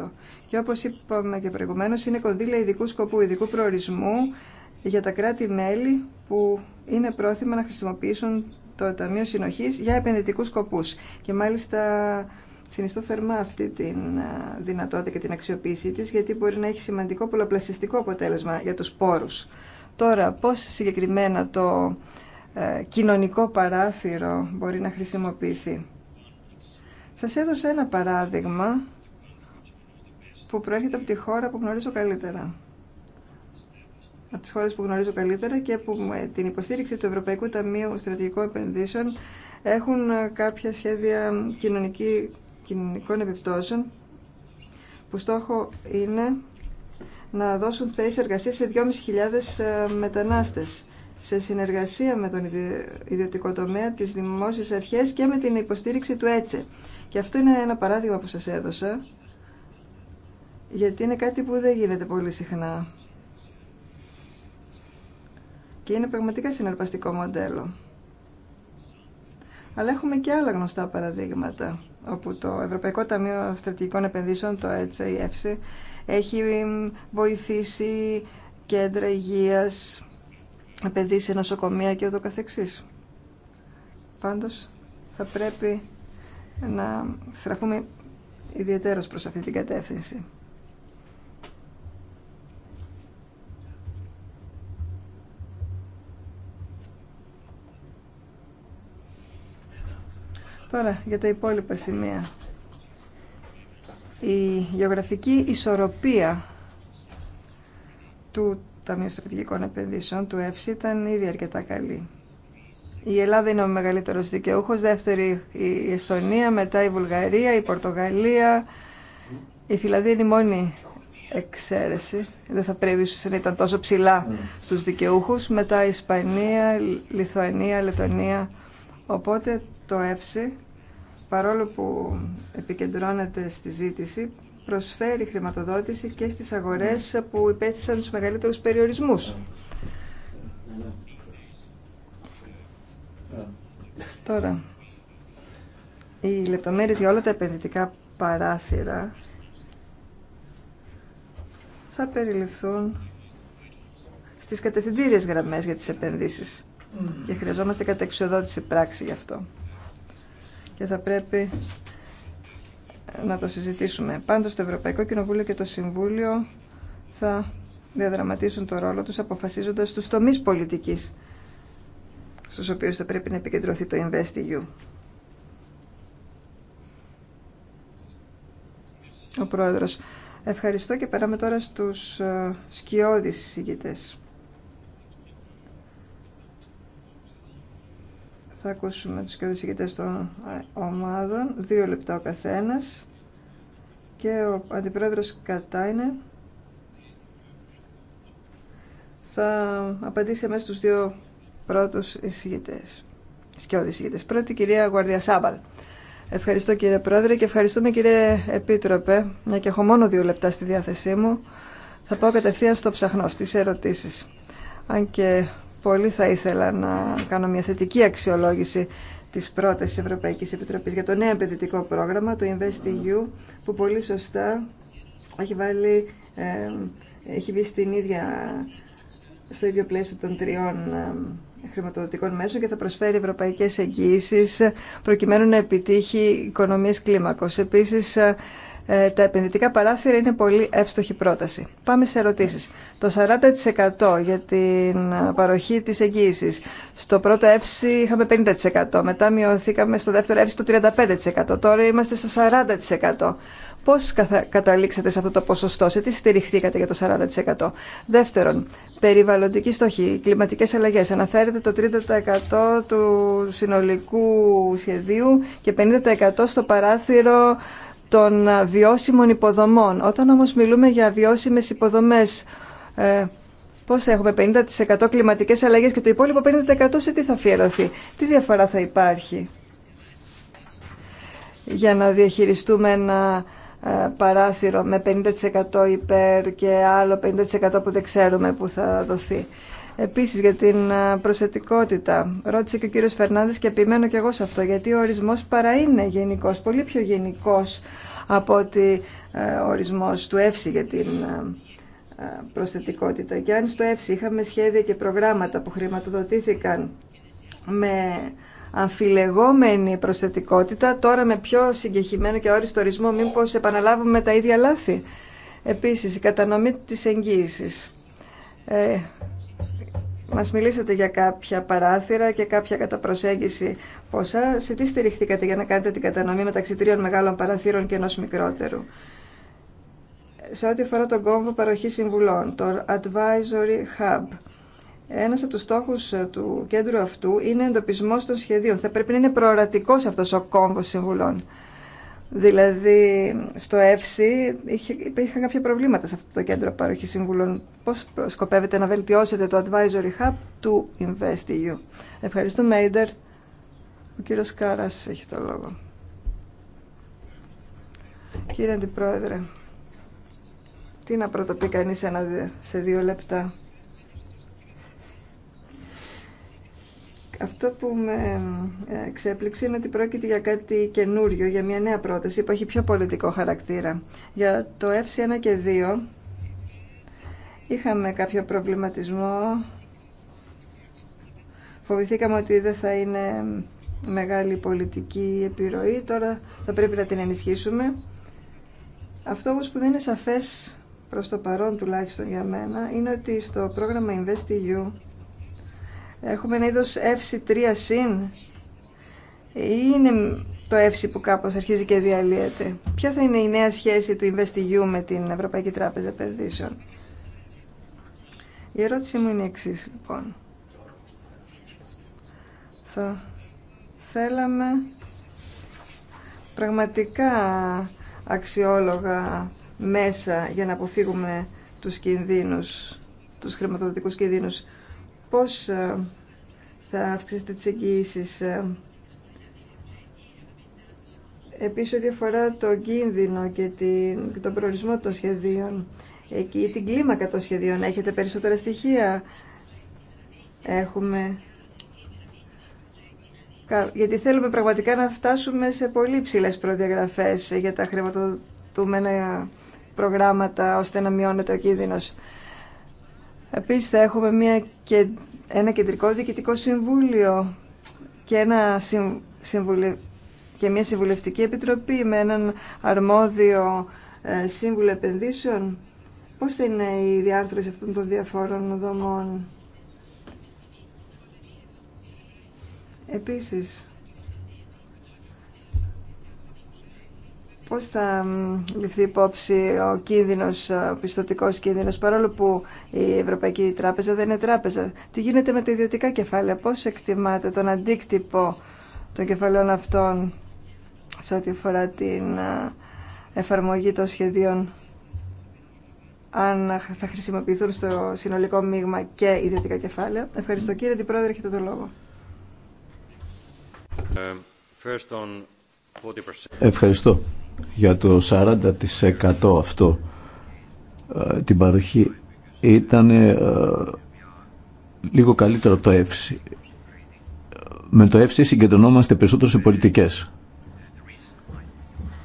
5%. Και όπως είπαμε και προηγουμένως, είναι κονδύλια ειδικού σκοπού, ειδικού προορισμού για τα κράτη-μέλη που είναι πρόθυμα να χρησιμοποιήσουν το Ταμείο Συνοχής για επενδυτικούς σκοπούς. Και μάλιστα συνιστώ θερμά αυτή τη ε, δυνατότητα και την αξιοποίησή της, γιατί μπορεί να έχει σημαντικό πολλαπλασιαστικό αποτέλεσμα για τους πόρους. Τώρα, πώς συγκεκριμένα το ε, κοινωνικό παράθυρο μπορεί να χρησιμοποιηθεί. Σας έδωσα ένα παράδειγμα που προέρχεται από τη χώρα που γνωρίζω καλύτερα από τις χώρες που γνωρίζω καλύτερα και που με την υποστήριξη του Ευρωπαϊκού Ταμείου Στρατηγικών Επενδύσεων έχουν ε, κάποια σχέδια κοινωνική, κοινωνικών επιπτώσεων που στόχο είναι να δώσουν θέσεις εργασίας σε 2.500 ε, μετανάστες σε συνεργασία με τον ιδιωτικό τομέα, τις δημόσιες αρχές και με την υποστήριξη του ΕΤΣΕ. Και αυτό είναι ένα παράδειγμα που σας έδωσα, γιατί είναι κάτι που δεν γίνεται πολύ συχνά και είναι πραγματικά συναρπαστικό μοντέλο. Αλλά έχουμε και άλλα γνωστά παραδείγματα, όπου το Ευρωπαϊκό Ταμείο Στρατηγικών Επενδύσεων, το ΕΦΣΗ, έχει βοηθήσει κέντρα υγείας, επενδύσει νοσοκομεία και ούτω καθεξής. Πάντως, θα πρέπει να στραφούμε ιδιαίτερος προς αυτή την κατεύθυνση. Τώρα, για τα υπόλοιπα σημεία. Η γεωγραφική ισορροπία του Ταμείου Στρατηγικών Επενδύσεων, του ΕΦΣΥ, ήταν ήδη αρκετά καλή. Η Ελλάδα είναι ο μεγαλύτερο δικαιούχο, δεύτερη η Εστονία, μετά η Βουλγαρία, η Πορτογαλία. Η Φιλανδία είναι η μόνη εξαίρεση. Δεν θα πρέπει ίσω να ήταν τόσο ψηλά mm. στου δικαιούχου. Μετά η Ισπανία, η Λιθουανία, Λετωνία. Οπότε το ΕΦΣΥ παρόλο που επικεντρώνεται στη ζήτηση, προσφέρει χρηματοδότηση και στις αγορές που υπέστησαν τους μεγαλύτερους περιορισμούς. Τώρα, οι λεπτομέρειες για όλα τα επενδυτικά παράθυρα θα περιληφθούν στις κατευθυντήριες γραμμές για τις επενδύσεις και χρειαζόμαστε κατεξοδότηση πράξη γι' αυτό και θα πρέπει να το συζητήσουμε. Πάντως το Ευρωπαϊκό Κοινοβούλιο και το Συμβούλιο θα διαδραματίσουν το ρόλο τους αποφασίζοντας τους τομείς πολιτικής στους οποίους θα πρέπει να επικεντρωθεί το InvestEU. Ο Πρόεδρος. Ευχαριστώ και περάμε τώρα στους ε, σκιώδεις συγκητές. Θα ακούσουμε τους καθησυχητές των ε, ομάδων, δύο λεπτά ο καθένας και ο Αντιπρόεδρος Κατάινε θα απαντήσει αμέσως στους δύο πρώτους εισηγητές, σκιώδη εισηγητές. Πρώτη κυρία Γουαρδία Σάμπαλ. Ευχαριστώ κύριε Πρόεδρε και ευχαριστούμε κύριε Επίτροπε, μια και έχω μόνο δύο λεπτά στη διάθεσή μου. Θα πάω κατευθείαν στο ψαχνό, στις ερωτήσεις. Αν και πολύ θα ήθελα να κάνω μια θετική αξιολόγηση της πρώτης Ευρωπαϊκής Επιτροπής για το νέο επενδυτικό πρόγραμμα, το InvestEU, που πολύ σωστά έχει βάλει, έχει στην στο ίδιο πλαίσιο των τριών χρηματοδοτικών μέσων και θα προσφέρει ευρωπαϊκές εγγύησεις προκειμένου να επιτύχει οικονομίες κλίμακος. Επίσης, ε, τα επενδυτικά παράθυρα είναι πολύ εύστοχη πρόταση. Πάμε σε ερωτήσεις. Το 40% για την ε, παροχή της εγγύηση. Στο πρώτο εύση είχαμε 50%, μετά μειωθήκαμε στο δεύτερο εύση το 35%, τώρα είμαστε στο 40%. Πώς καταλήξατε σε αυτό το ποσοστό, σε τι στηριχθήκατε για το 40%. Δεύτερον, περιβαλλοντική στόχη, κλιματικέ αλλαγέ. Αναφέρετε το 30% του συνολικού σχεδίου και 50% στο παράθυρο των ε, βιώσιμων υποδομών. Όταν όμως μιλούμε για βιώσιμες υποδομές, ε, πώς έχουμε 50% κλιματικές αλλαγές και το υπόλοιπο 50% σε τι θα αφιερωθεί, τι διαφορά θα υπάρχει για να διαχειριστούμε ένα ε, παράθυρο με 50% υπέρ και άλλο 50% που δεν ξέρουμε που θα δοθεί. Επίσης για την προσθετικότητα, Ρώτησε και ο κύριος Φερνάνδης και επιμένω και εγώ σε αυτό, γιατί ο ορισμός παρά είναι γενικός, πολύ πιο γενικός από ότι ε, ο ορισμός του ΕΦΣΙ για την προσθετικότητα. Και αν στο ΕΦΣΙ είχαμε σχέδια και προγράμματα που χρηματοδοτήθηκαν με αμφιλεγόμενη προσθετικότητα, τώρα με πιο συγκεχημένο και όριστο ορισμό, μήπως επαναλάβουμε τα ίδια λάθη. Επίσης, η κατανομή της εγγύησης. Ε, μας μιλήσατε για κάποια παράθυρα και κάποια καταπροσέγγιση ποσά. Σε τι στηριχτήκατε για να κάνετε την κατανομή μεταξύ τριών μεγάλων παραθύρων και ενός μικρότερου. Σε ό,τι αφορά τον κόμβο παροχή συμβουλών, το Advisory Hub, ένας από τους στόχους ε, του κέντρου αυτού είναι εντοπισμός των σχεδίων. Θα πρέπει να είναι προορατικός αυτός ο κόμβος συμβουλών. Δηλαδή, στο ΕΦΣΥ υπήρχαν κάποια προβλήματα σε αυτό το κέντρο παροχή συμβουλών. Πώς σκοπεύετε να βελτιώσετε το Advisory Hub του InvestEU. Ευχαριστώ, Μέιντερ. Ο κύριος Κάρας έχει το λόγο. Κύριε Αντιπρόεδρε, τι να πρωτοπεί κανεί σε δύο λεπτά. Αυτό που με ε, εξέπληξε είναι ότι πρόκειται για κάτι καινούριο, για μια νέα πρόταση που έχει πιο πολιτικό χαρακτήρα. Για το ΕΦΣΙ 1 και 2 είχαμε κάποιο προβληματισμό. Φοβηθήκαμε ότι δεν θα είναι μεγάλη πολιτική επιρροή. Τώρα θα πρέπει να την ενισχύσουμε. Αυτό όμως που δεν είναι σαφές προς το παρόν τουλάχιστον για μένα είναι ότι στο πρόγραμμα InvestEU Έχουμε ένα είδος εύση 3 συν ή είναι το εύση που κάπως αρχίζει και διαλύεται. Ποια θα είναι η νέα σχέση του InvestEU με την Ευρωπαϊκή Τράπεζα Επενδύσεων. Η ερώτησή μου είναι η εξής λοιπόν. Θα θέλαμε πραγματικά αξιόλογα μέσα για να αποφύγουμε τους κινδύνους, τους χρηματοδοτικούς κινδύνους πώς ε, θα αυξήσετε τις εγγύησεις. Ε. Επίσης, ό,τι αφορά το κίνδυνο και, την, τον προορισμό των σχεδίων ή την κλίμακα των σχεδίων, έχετε περισσότερα στοιχεία. Έχουμε γιατί θέλουμε πραγματικά να φτάσουμε σε πολύ ψηλέ προδιαγραφέ για τα χρηματοδοτούμενα προγράμματα, ώστε να μειώνεται ο κίνδυνο. Επίσης, θα έχουμε μια ένα κεντρικό διοικητικό συμβούλιο και, ένα και μια συμβουλευτική επιτροπή με έναν αρμόδιο ε, σύμβουλο επενδύσεων. Πώς θα είναι η διάρθρωση αυτών των διαφόρων δομών. Επίσης, πώς θα ληφθεί υπόψη ο κίνδυνος, ο πιστοτικός κίνδυνος, παρόλο που η Ευρωπαϊκή Τράπεζα δεν είναι τράπεζα. Τι γίνεται με τα ιδιωτικά κεφάλαια, πώς εκτιμάτε τον αντίκτυπο των κεφαλαίων αυτών σε ό,τι αφορά την εφαρμογή των σχεδίων αν θα χρησιμοποιηθούν στο συνολικό μείγμα και ιδιωτικά κεφάλαια. Ευχαριστώ κύριε Αντιπρόεδρε, έχετε το λόγο. Ε, Ευχαριστώ για το 40% αυτό ε, την παροχή ήταν ε, λίγο καλύτερο το ΕΦΣΙ. Με το ΕΦΣΙ συγκεντρωνόμαστε περισσότερο σε πολιτικές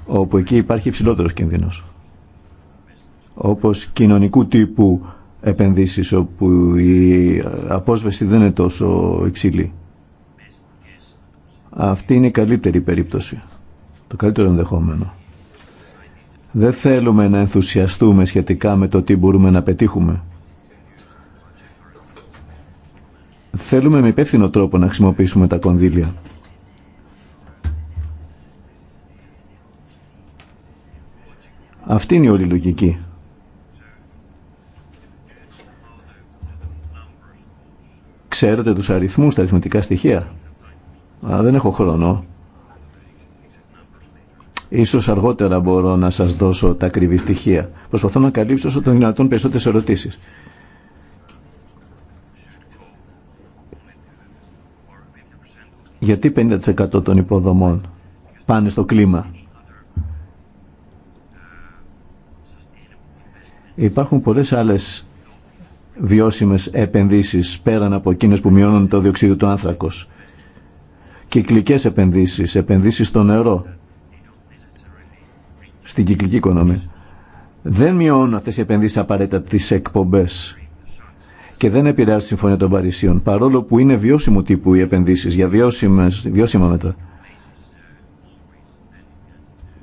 όπου εκεί υπάρχει υψηλότερος κίνδυνος όπως κοινωνικού τύπου επενδύσεις όπου η ε, απόσβεση δεν είναι τόσο υψηλή. Αυτή είναι η καλύτερη περίπτωση το καλύτερο ενδεχόμενο. Δεν θέλουμε να ενθουσιαστούμε σχετικά με το τι μπορούμε να πετύχουμε. Θέλουμε με υπεύθυνο τρόπο να χρησιμοποιήσουμε τα κονδύλια. Αυτή είναι η όλη λογική. Ξέρετε τους αριθμούς, τα αριθμητικά στοιχεία. Αλλά δεν έχω χρόνο. Ίσως αργότερα μπορώ να σας δώσω τα ακριβή στοιχεία. Προσπαθώ να καλύψω όσο το δυνατόν περισσότερες ερωτήσεις. Γιατί 50% των υποδομών πάνε στο κλίμα. Υπάρχουν πολλές άλλες βιώσιμες επενδύσεις πέραν από εκείνες που μειώνουν το διοξείδιο του άνθρακος. Κυκλικές επενδύσεις, επενδύσεις στο νερό, στην κυκλική οικονομία. Δεν μειώνουν αυτέ οι επενδύσει απαραίτητα τις εκπομπές και δεν επηρεάζει τη Συμφωνία των Παρισίων, παρόλο που είναι βιώσιμου τύπου οι επενδύσεις για βιώσιμες, βιώσιμα μέτρα.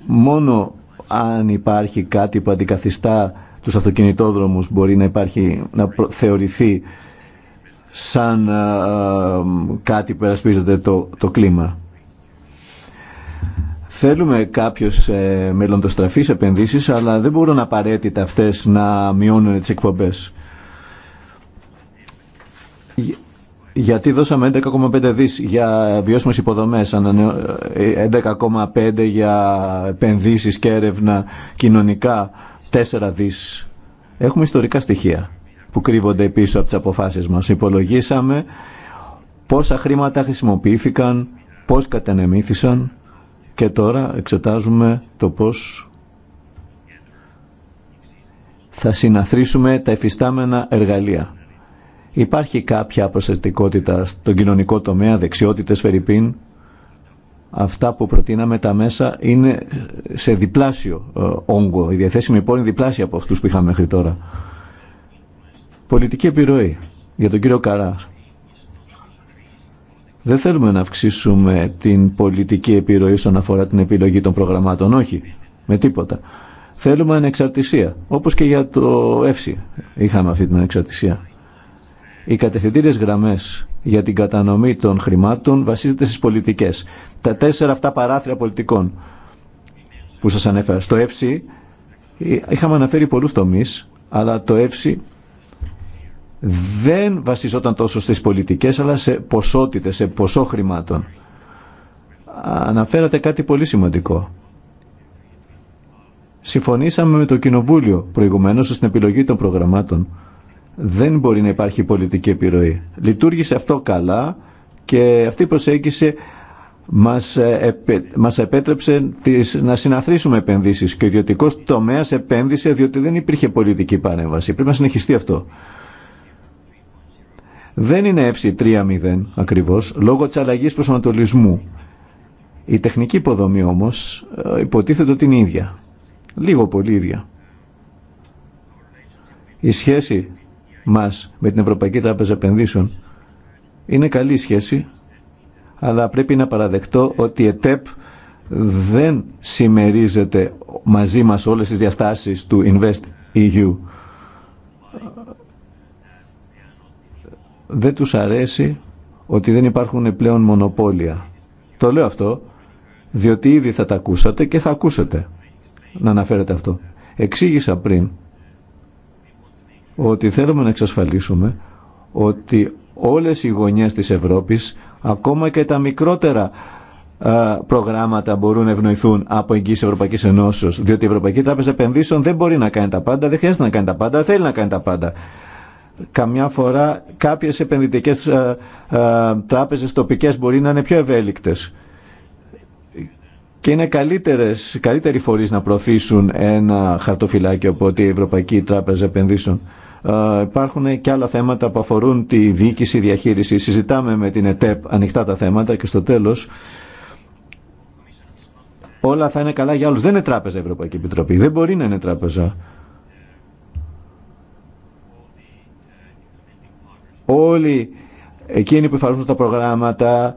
Μόνο αν υπάρχει κάτι που αντικαθιστά τους αυτοκινητόδρομους μπορεί να, υπάρχει, να θεωρηθεί σαν κάτι που περασπίζεται το, το κλίμα. Θέλουμε κάποιους ε, μελλοντοστραφεί επενδύσει, επενδύσεις, αλλά δεν μπορούν απαραίτητα αυτές να μειώνουν τις εκπομπέ. Γιατί δώσαμε 11,5 δις για βιώσιμες υποδομές, 11,5 ε, για επενδύσεις και έρευνα κοινωνικά, 4 δις. Έχουμε ιστορικά στοιχεία που κρύβονται πίσω από τις αποφάσεις μας. Υπολογίσαμε πόσα χρήματα χρησιμοποιήθηκαν, πώς κατανεμήθησαν και τώρα εξετάζουμε το πώς θα συναθρήσουμε τα εφιστάμενα εργαλεία. Υπάρχει κάποια προσεκτικότητα στον κοινωνικό τομέα, δεξιότητες, φερρυπίν. Αυτά που προτείναμε τα μέσα είναι σε διπλάσιο ε, όγκο. Η διαθέσιμη πόρη είναι διπλάσια από αυτούς που είχαμε μέχρι τώρα. Πολιτική επιρροή για τον κύριο Καρά. Δεν θέλουμε να αυξήσουμε την πολιτική επιρροή όσον αφορά την επιλογή των προγραμμάτων. Όχι, με τίποτα. Θέλουμε ανεξαρτησία, όπως και για το ΕΦΣΙ είχαμε αυτή την ανεξαρτησία. Οι κατευθυντήριες γραμμές για την κατανομή των χρημάτων βασίζεται στις πολιτικές. Τα τέσσερα αυτά παράθυρα πολιτικών που σας ανέφερα. Στο ΕΦΣΙ είχαμε αναφέρει πολλούς τομείς, αλλά το ΕΦΣΙ δεν βασιζόταν τόσο στις πολιτικές αλλά σε ποσότητες, σε ποσό χρημάτων. Αναφέρατε κάτι πολύ σημαντικό. Συμφωνήσαμε με το Κοινοβούλιο προηγουμένως στην επιλογή των προγραμμάτων. Δεν μπορεί να υπάρχει πολιτική επιρροή. Λειτουργήσε αυτό καλά και αυτή η προσέγγιση μας, μας επέτρεψε να συναθρήσουμε επενδύσεις και ο ιδιωτικό τομέας επένδυσε διότι δεν υπήρχε πολιτική παρέμβαση. Πρέπει να συνεχιστεί αυτό δεν είναι ε3-0 ακριβώς, λόγω της αλλαγής προσανατολισμού. Η τεχνική υποδομή όμως ε, υποτίθεται ότι είναι ίδια. Λίγο πολύ ίδια. Η σχέση μας με την Ευρωπαϊκή Τράπεζα Επενδύσεων είναι καλή σχέση, αλλά πρέπει να παραδεχτώ ότι η ΕΤΕΠ δεν συμμερίζεται μαζί μας όλες τις διαστάσεις του Invest EU. δεν τους αρέσει ότι δεν υπάρχουν πλέον μονοπόλια. Το λέω αυτό, διότι ήδη θα τα ακούσατε και θα ακούσετε να αναφέρετε αυτό. Εξήγησα πριν ότι θέλουμε να εξασφαλίσουμε ότι όλες οι γωνιές της Ευρώπης, ακόμα και τα μικρότερα προγράμματα μπορούν να ευνοηθούν από εγγύηση Ευρωπαϊκή Ενώσεω. Διότι η Ευρωπαϊκή Τράπεζα Επενδύσεων δεν μπορεί να κάνει τα πάντα, δεν χρειάζεται να κάνει τα πάντα, θέλει να κάνει τα πάντα καμιά φορά κάποιες επενδυτικές ε, ε, τράπεζες τοπικές μπορεί να είναι πιο ευέλικτες και είναι καλύτερες, καλύτεροι φορείς να προωθήσουν ένα χαρτοφυλάκιο από ότι η Ευρωπαϊκή Τράπεζα Επενδύσεων. Ε, υπάρχουν και άλλα θέματα που αφορούν τη διοίκηση, διαχείριση. Συζητάμε με την ΕΤΕΠ ανοιχτά τα θέματα και στο τέλος όλα θα είναι καλά για όλους. Δεν είναι τράπεζα η Ευρωπαϊκή Επιτροπή. Δεν μπορεί να είναι τράπεζα. Όλοι εκείνοι που εφαρμόζουν τα προγράμματα,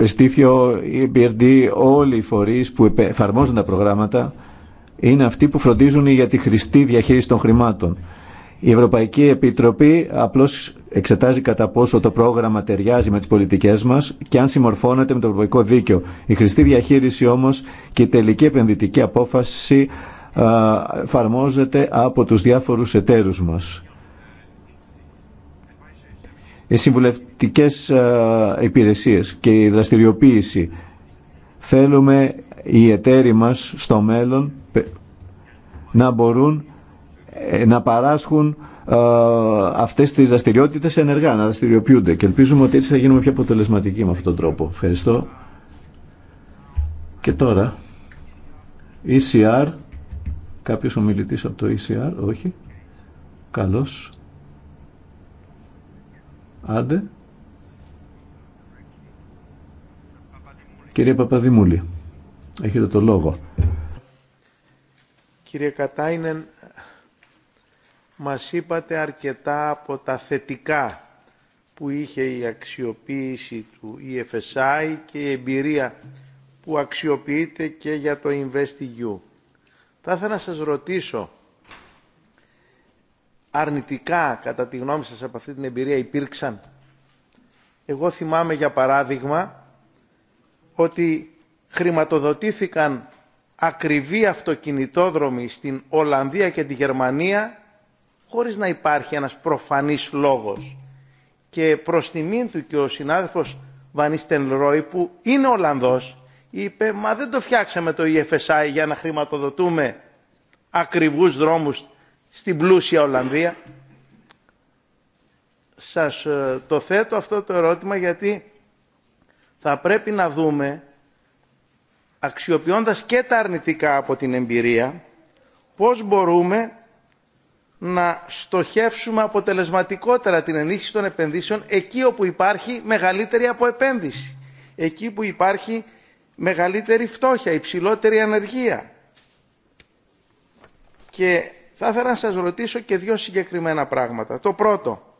Εστήθιο, EBRD, όλοι οι φορείς που εφαρμόζουν τα προγράμματα είναι αυτοί που φροντίζουν για τη χρηστή διαχείριση των χρημάτων. Η Ευρωπαϊκή Επιτροπή απλώς εξετάζει κατά πόσο το πρόγραμμα ταιριάζει με τις πολιτικές μας και αν συμμορφώνεται με το ευρωπαϊκό δίκαιο. Η χρηστή διαχείριση όμω και η τελική επενδυτική απόφαση εφαρμόζεται από τους διάφορους εταίρους οι συμβουλευτικές ε, υπηρεσίες και η δραστηριοποίηση. Θέλουμε οι εταίροι μας στο μέλλον να μπορούν ε, να παράσχουν ε, αυτές τις δραστηριότητες ενεργά, να δραστηριοποιούνται και ελπίζουμε ότι έτσι θα γίνουμε πιο αποτελεσματικοί με αυτόν τον τρόπο. Ευχαριστώ. Και τώρα, ECR, κάποιος ομιλητής από το ECR, όχι, καλώς. Άντε. Κύριε Παπαδημούλη, έχετε το λόγο. Κύριε Κατάινεν, μας είπατε αρκετά από τα θετικά που είχε η αξιοποίηση του EFSI και η εμπειρία που αξιοποιείται και για το InvestEU. Θα ήθελα να σας ρωτήσω αρνητικά κατά τη γνώμη σας από αυτή την εμπειρία υπήρξαν. Εγώ θυμάμαι για παράδειγμα ότι χρηματοδοτήθηκαν ακριβή αυτοκινητόδρομοι στην Ολλανδία και τη Γερμανία χωρίς να υπάρχει ένας προφανής λόγος. Και προς τιμήν του και ο συνάδελφος Βανίστεν Ρόι που είναι Ολλανδός είπε «Μα δεν το φτιάξαμε το EFSI για να χρηματοδοτούμε ακριβούς δρόμους στην πλούσια Ολλανδία. Σας ε, το θέτω αυτό το ερώτημα γιατί θα πρέπει να δούμε αξιοποιώντας και τα αρνητικά από την εμπειρία πώς μπορούμε να στοχεύσουμε αποτελεσματικότερα την ενίσχυση των επενδύσεων εκεί όπου υπάρχει μεγαλύτερη αποεπένδυση, εκεί που υπάρχει μεγαλύτερη φτώχεια, υψηλότερη ανεργία. Και θα ήθελα να σας ρωτήσω και δύο συγκεκριμένα πράγματα. Το πρώτο,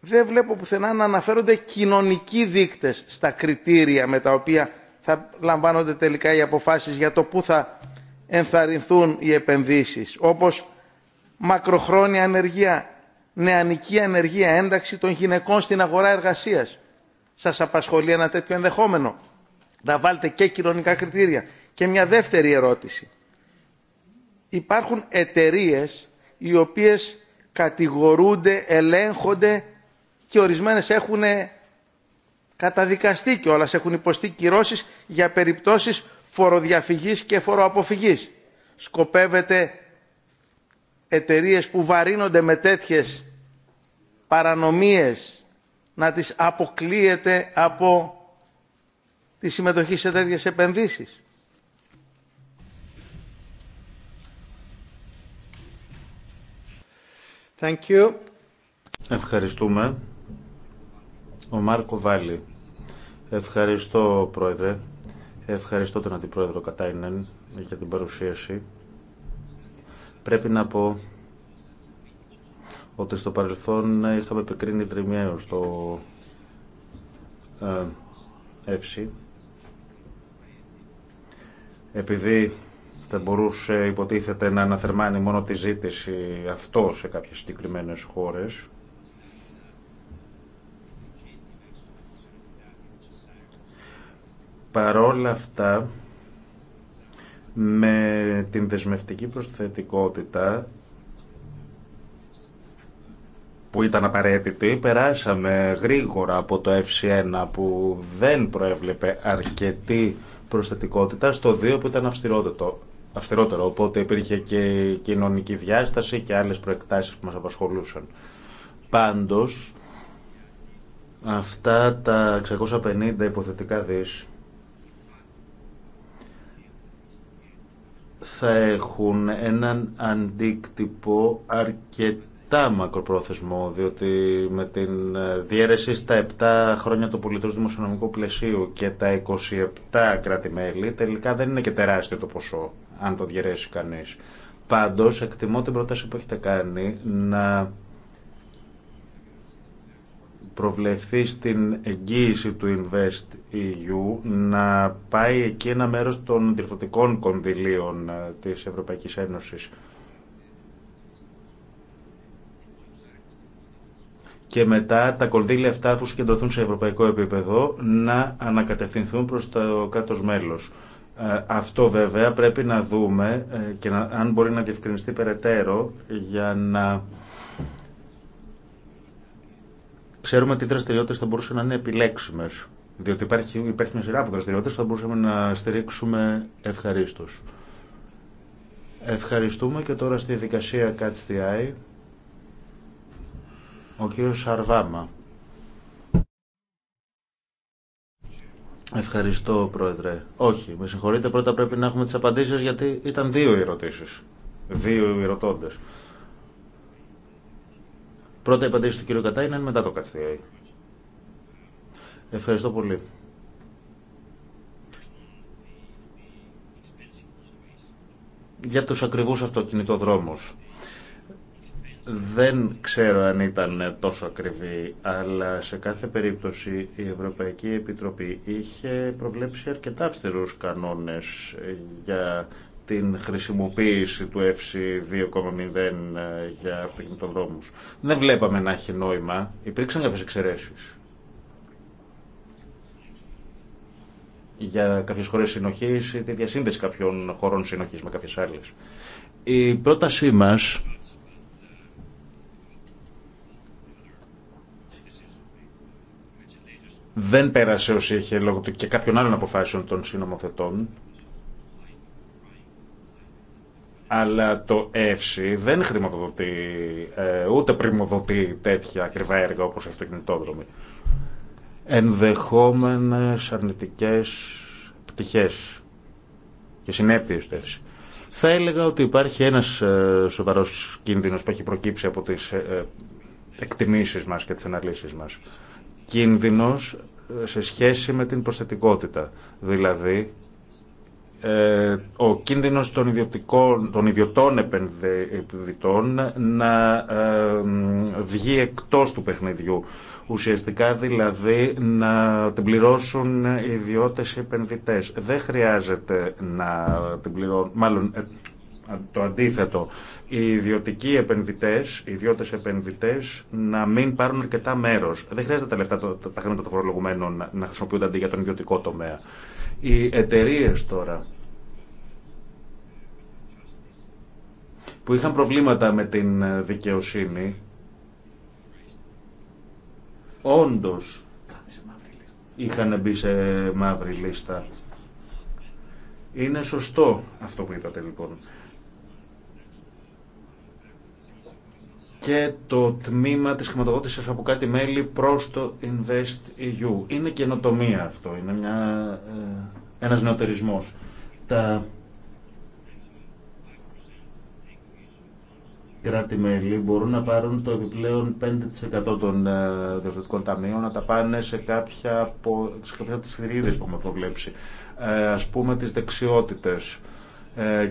δεν βλέπω πουθενά να αναφέρονται κοινωνικοί δείκτες στα κριτήρια με τα οποία θα λαμβάνονται τελικά οι αποφάσεις για το πού θα ενθαρρυνθούν οι επενδύσεις, όπως μακροχρόνια ανεργία, νεανική ανεργία, ένταξη των γυναικών στην αγορά εργασίας. Σας απασχολεί ένα τέτοιο ενδεχόμενο. Να βάλετε και κοινωνικά κριτήρια. Και μια δεύτερη ερώτηση υπάρχουν εταιρείες οι οποίες κατηγορούνται, ελέγχονται και ορισμένες έχουν καταδικαστεί κιόλας, έχουν υποστεί κυρώσεις για περιπτώσεις φοροδιαφυγής και φοροαποφυγής. Σκοπεύεται εταιρείε που βαρύνονται με τέτοιες παρανομίες να τις αποκλείεται από τη συμμετοχή σε τέτοιες επενδύσεις. Thank you. Ευχαριστούμε. Ο Μάρκο Βάλλη. Ευχαριστώ, Πρόεδρε. Ευχαριστώ τον Αντιπρόεδρο Κατάινεν για την παρουσίαση. Πρέπει να πω ότι στο παρελθόν είχαμε επικρίνει δρυμιαίο στο. ε, ΕΦΣΥ επειδή θα μπορούσε υποτίθεται να αναθερμάνει μόνο τη ζήτηση αυτό σε κάποιες συγκεκριμένε χώρες. Παρόλα αυτά, με την δεσμευτική προσθετικότητα που ήταν απαραίτητη, περάσαμε γρήγορα από το FC1 που δεν προέβλεπε αρκετή προσθετικότητα στο 2 που ήταν αυστηρότερο αυστηρότερο. Οπότε υπήρχε και κοινωνική διάσταση και άλλες προεκτάσεις που μας απασχολούσαν. Πάντως, αυτά τα 650 υποθετικά δις θα έχουν έναν αντίκτυπο αρκετά μακροπρόθεσμο, διότι με την ε, διέρεση στα 7 χρόνια του πολιτικού δημοσιονομικού πλαισίου και τα 27 κράτη-μέλη, τελικά δεν είναι και τεράστιο το ποσό αν το διαιρέσει κανείς. Πάντως, εκτιμώ την πρόταση που έχετε κάνει να προβλεφθεί στην εγγύηση του Invest EU να πάει εκεί ένα μέρος των διευθυντικών κονδυλίων ε, της Ευρωπαϊκής Ένωσης. και μετά τα κονδύλια αυτά, αφού συγκεντρωθούν σε ευρωπαϊκό επίπεδο, να ανακατευθυνθούν προς το κάτω μέλος. Ε, αυτό βέβαια πρέπει να δούμε ε, και να, αν μπορεί να διευκρινιστεί περαιτέρω για να ξέρουμε τι δραστηριότητες θα μπορούσαν να είναι επιλέξιμες. Διότι υπάρχει, υπάρχει μια σειρά από δραστηριότητες που θα μπορούσαμε να στηρίξουμε ευχαρίστως. Ευχαριστούμε και τώρα στη δικασία Catch ο κύριος Σαρβάμα. Ευχαριστώ, Πρόεδρε. Όχι, με συγχωρείτε, πρώτα πρέπει να έχουμε τις απαντήσεις γιατί ήταν δύο οι ερωτήσεις. Δύο οι ερωτώντες. Πρώτα η απαντήση του κ. είναι μετά το Κατστιαί. Ευχαριστώ πολύ. Για τους ακριβούς αυτοκινητοδρόμους. Δεν ξέρω αν ήταν τόσο ακριβή, αλλά σε κάθε περίπτωση η Ευρωπαϊκή Επιτροπή είχε προβλέψει αρκετά αυστηρούς κανόνες για την χρησιμοποίηση του ΕΦΣΙ 2,0 για αυτοκινητοδρόμους. Δεν βλέπαμε να έχει νόημα. Υπήρξαν κάποιες εξαιρέσεις. για κάποιες χώρες συνοχής ή τη διασύνδεση κάποιων χωρών συνοχής με κάποιες άλλες. Η πρότασή μας δεν πέρασε όσο είχε λόγω του και κάποιων άλλων αποφάσεων των συνομοθετών. Αλλά το ΕΦΣΙ δεν χρηματοδοτεί, ε, ούτε πρημοδοτεί τέτοια ακριβά έργα όπως το αυτοκινητόδρομοι. Ενδεχόμενες αρνητικές πτυχές και συνέπειες του Θα έλεγα ότι υπάρχει ένας ε, σοβαρός κίνδυνος που έχει προκύψει από τις ε, εκτιμήσεις μας και τις αναλύσεις μας κίνδυνος ε, σε σχέση με την προσθετικότητα. Δηλαδή, ε, ο κίνδυνος των, ιδιωτικών, των ιδιωτών επενδυτών να ε, βγει εκτός του παιχνιδιού. Ουσιαστικά δηλαδή να την πληρώσουν οι ιδιώτες επενδυτές. Δεν χρειάζεται να την πληρώνουν, μάλλον ε, το αντίθετο. Οι ιδιωτικοί επενδυτέ, οι ιδιώτε επενδυτέ να μην πάρουν αρκετά μέρο. Δεν χρειάζεται τα λεφτά, τα χρήματα των φορολογουμένων να χρησιμοποιούνται αντί για τον ιδιωτικό τομέα. Οι εταιρείε τώρα που είχαν προβλήματα με την δικαιοσύνη, όντως είχαν μπει σε μαύρη λίστα. Είναι σωστό αυτό που είπατε λοιπόν. και το τμήμα της χρηματοδότησης από κάτι μέλη προς το Invest EU. Είναι καινοτομία αυτό, είναι μια, ε, ένας νεοτερισμός. Τα κράτη-μέλη μπορούν να πάρουν το επιπλέον 5% των ε, διευθυντικών ταμείων να τα πάνε σε κάποια από, σε κάποια τις που έχουμε προβλέψει. Ε, ας πούμε τις δεξιότητες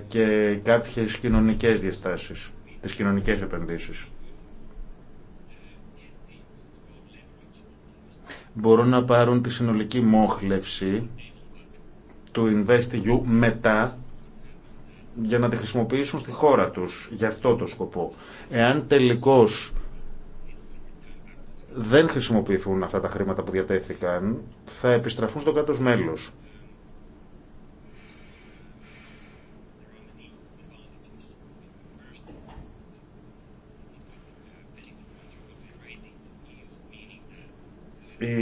και κάποιες κοινωνικές διαστάσεις, τις κοινωνικές επενδύσεις. μπορούν να πάρουν τη συνολική μόχλευση του InvestEU μετά για να τη χρησιμοποιήσουν στη χώρα τους για αυτό το σκοπό. Εάν τελικώς δεν χρησιμοποιηθούν αυτά τα χρήματα που διατέθηκαν, θα επιστραφούν στο κάτω μέλος.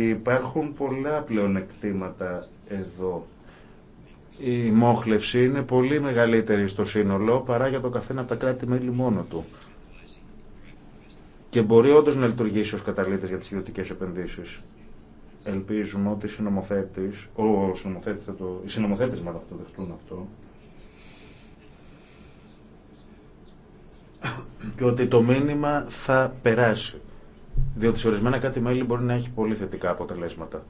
Υπάρχουν πολλά πλεονεκτήματα εδώ. Η μόχλευση είναι πολύ μεγαλύτερη στο σύνολο παρά για το καθένα από τα κράτη-μέλη μόνο του. Και μπορεί όντω να λειτουργήσει ω καταλήτη για τι ιδιωτικέ επενδύσει. Ελπίζουμε ότι οι συνομοθέτε, ο θα το, οι συνομοθέτε μάλλον θα το δεχτούν αυτό. Και ότι το μήνυμα θα περάσει. Διότι σε ορισμένα κάτι μέλη μπορεί να έχει πολύ θετικά αποτελέσματα.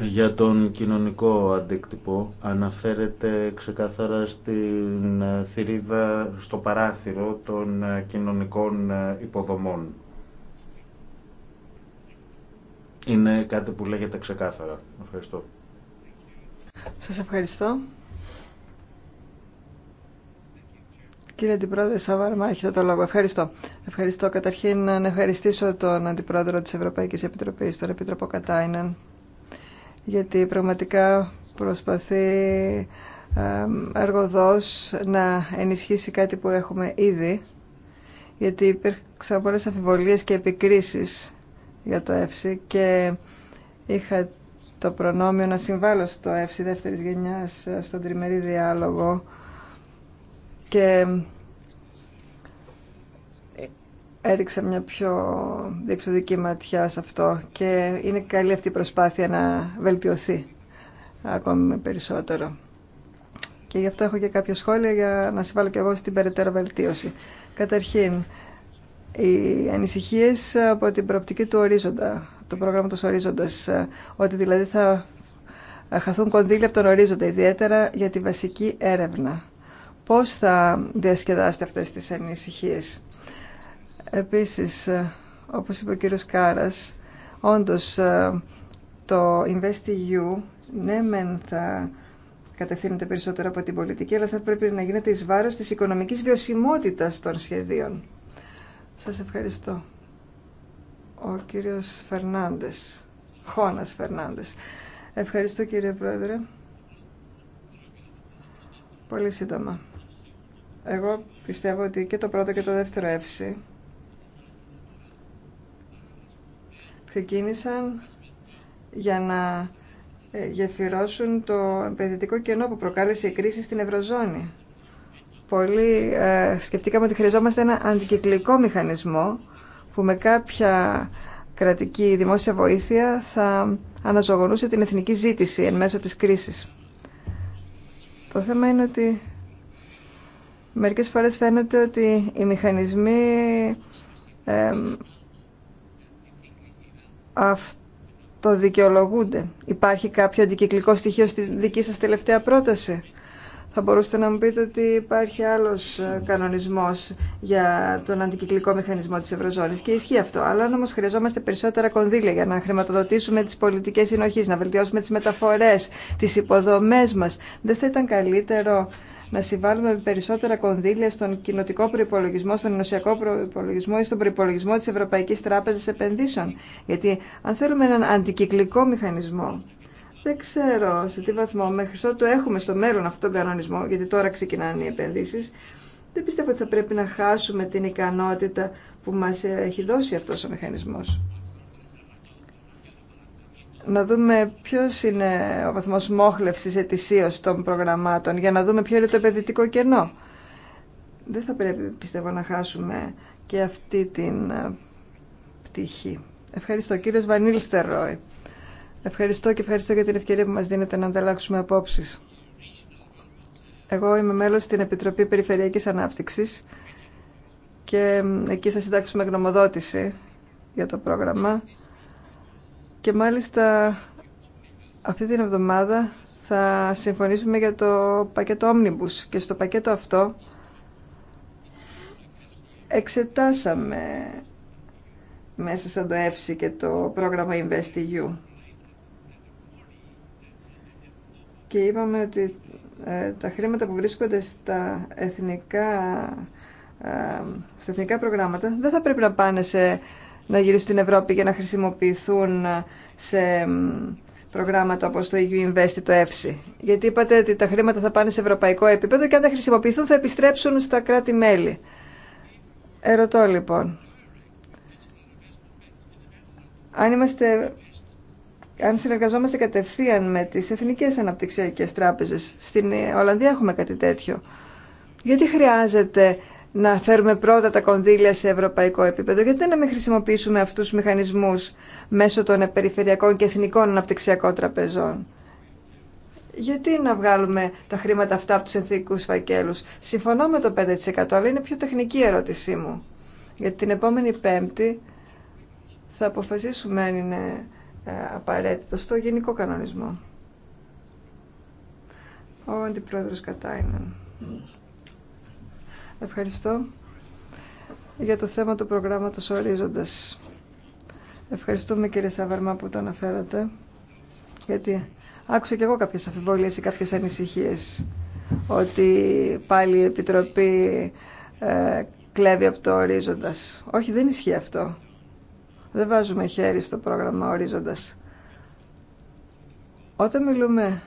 Για τον κοινωνικό αντίκτυπο αναφέρεται ξεκάθαρα στην ε, θηρίδα, στο παράθυρο των ε, κοινωνικών ε, υποδομών. Είναι κάτι που λέγεται ξεκάθαρα. Ευχαριστώ. Σας ευχαριστώ. Κύριε Αντιπρόεδρε Σαββάρμα, έχετε το λόγο. Ευχαριστώ. Ευχαριστώ καταρχήν να ευχαριστήσω τον Αντιπρόεδρο της Ευρωπαϊκής Επιτροπής, τον Επίτροπο Κατάιναν, γιατί πραγματικά προσπαθεί εργοδός να ενισχύσει κάτι που έχουμε ήδη, γιατί υπήρξαν πολλές αμφιβολίες και επικρίσεις για το ΕΦΣΥ και είχα το προνόμιο να συμβάλλω στο ΕΦΣΥ δεύτερης γενιάς στον τριμερή διάλογο και ε, έριξα μια πιο διεξοδική ματιά σε αυτό και είναι καλή αυτή η προσπάθεια να βελτιωθεί ακόμη περισσότερο. Και γι' αυτό έχω και κάποια σχόλια για να συμβάλλω και εγώ στην περαιτέρω βελτίωση. Καταρχήν, οι ανησυχίε από την προοπτική του ορίζοντα, του προγράμματο ορίζοντας, ε, ότι δηλαδή θα ε, χαθούν κονδύλια από τον ορίζοντα, ιδιαίτερα για τη βασική έρευνα πώς θα διασκεδάσετε αυτές τις ανησυχίες. Επίσης, όπως είπε ο κύριος Κάρας, όντως ε, το InvestEU ναι μεν θα κατευθύνεται περισσότερο από την πολιτική, αλλά θα πρέπει να γίνεται εις βάρος της οικονομικής βιωσιμότητας των σχεδίων. Σας ευχαριστώ. Ο κύριος Φερνάντες, Χώνας Φερνάντες. Ευχαριστώ κύριε Πρόεδρε. Πολύ σύντομα. Εγώ πιστεύω ότι και το πρώτο και το δεύτερο εύση ξεκίνησαν για να ε, γεφυρώσουν το επενδυτικό κενό που προκάλεσε η κρίση στην Ευρωζώνη. Πολύ ε, σκεφτήκαμε ότι χρειαζόμαστε ένα αντικυκλικό μηχανισμό που με κάποια κρατική δημόσια βοήθεια θα αναζωογονούσε την εθνική ζήτηση εν μέσω της κρίσης. Το θέμα είναι ότι Μερικές φορές φαίνεται ότι οι μηχανισμοί ε, αυτοδικαιολογούνται. Υπάρχει κάποιο αντικυκλικό στοιχείο στη δική σας τελευταία πρόταση. Θα μπορούσατε να μου πείτε ότι υπάρχει άλλος ε, κανονισμός για τον αντικυκλικό μηχανισμό της Ευρωζώνης και ισχύει αυτό. Αλλά αν όμως χρειαζόμαστε περισσότερα κονδύλια για να χρηματοδοτήσουμε τις πολιτικές συνοχής, να βελτιώσουμε τις μεταφορές, τις υποδομές μας, δεν θα ήταν καλύτερο να συμβάλλουμε με περισσότερα κονδύλια στον κοινοτικό προπολογισμό, στον ενωσιακό προπολογισμό ή στον προπολογισμό τη Ευρωπαϊκή Τράπεζα Επενδύσεων. Γιατί αν θέλουμε έναν αντικυκλικό μηχανισμό, δεν ξέρω σε τι βαθμό μέχρι ότου έχουμε στο μέλλον αυτόν τον κανονισμό, γιατί τώρα ξεκινάνε οι επενδύσει, δεν πιστεύω ότι θα πρέπει να χάσουμε την ικανότητα που μα έχει δώσει αυτό ο μηχανισμό να δούμε ποιο είναι ο βαθμός μόχλευση ετησίω των προγραμμάτων για να δούμε ποιο είναι το επενδυτικό κενό. Δεν θα πρέπει, πιστεύω, να χάσουμε και αυτή την ε, πτυχή. Ευχαριστώ. Κύριος Βανίλ Ρόι. Ευχαριστώ και ευχαριστώ για την ευκαιρία που μας δίνετε να ανταλλάξουμε απόψεις. Εγώ είμαι μέλος στην Επιτροπή Περιφερειακής Ανάπτυξης και εκεί θα συντάξουμε γνωμοδότηση για το πρόγραμμα και μάλιστα αυτή την εβδομάδα θα συμφωνήσουμε για το πακέτο Omnibus και στο πακέτο αυτό εξετάσαμε μέσα σαν το ΕΦΣΙ και το πρόγραμμα InvestEU και είπαμε ότι ε, τα χρήματα που βρίσκονται στα εθνικά, ε, στα εθνικά προγράμματα δεν θα πρέπει να πάνε σε να γυρίσουν στην Ευρώπη για να χρησιμοποιηθούν ε, σε προγράμματα όπως το EU Invest ή το EFSI. Γιατί είπατε ότι τα χρήματα θα πάνε σε ευρωπαϊκό επίπεδο και αν δεν χρησιμοποιηθούν θα επιστρέψουν στα κράτη-μέλη. Ερωτώ λοιπόν. Αν, είμαστε, αν συνεργαζόμαστε κατευθείαν με τις Εθνικές Αναπτυξιακές Τράπεζες, στην Ολλανδία έχουμε κάτι τέτοιο, γιατί χρειάζεται να φέρουμε πρώτα τα κονδύλια σε ευρωπαϊκό επίπεδο. Γιατί δεν να μην χρησιμοποιήσουμε αυτούς τους μηχανισμούς μέσω των περιφερειακών και εθνικών αναπτυξιακών τραπεζών. Γιατί να βγάλουμε τα χρήματα αυτά από τους εθνικούς φακέλους. Συμφωνώ με το 5% αλλά είναι πιο τεχνική η ερώτησή μου. Γιατί την επόμενη πέμπτη θα αποφασίσουμε αν είναι ε, απαραίτητο στο γενικό κανονισμό. Ο Αντιπρόεδρος Κατάιναν. Ευχαριστώ για το θέμα του προγράμματος Ορίζοντας. Ευχαριστούμε κύριε Σαβερμά που το αναφέρατε, γιατί άκουσα και εγώ κάποιες αφιβολίες ή κάποιες ανησυχίες ότι πάλι η Επιτροπή ε, κλέβει από το Ορίζοντας. Όχι, δεν ισχύει αυτό. Δεν βάζουμε χέρι στο πρόγραμμα Ορίζοντας. Όταν μιλούμε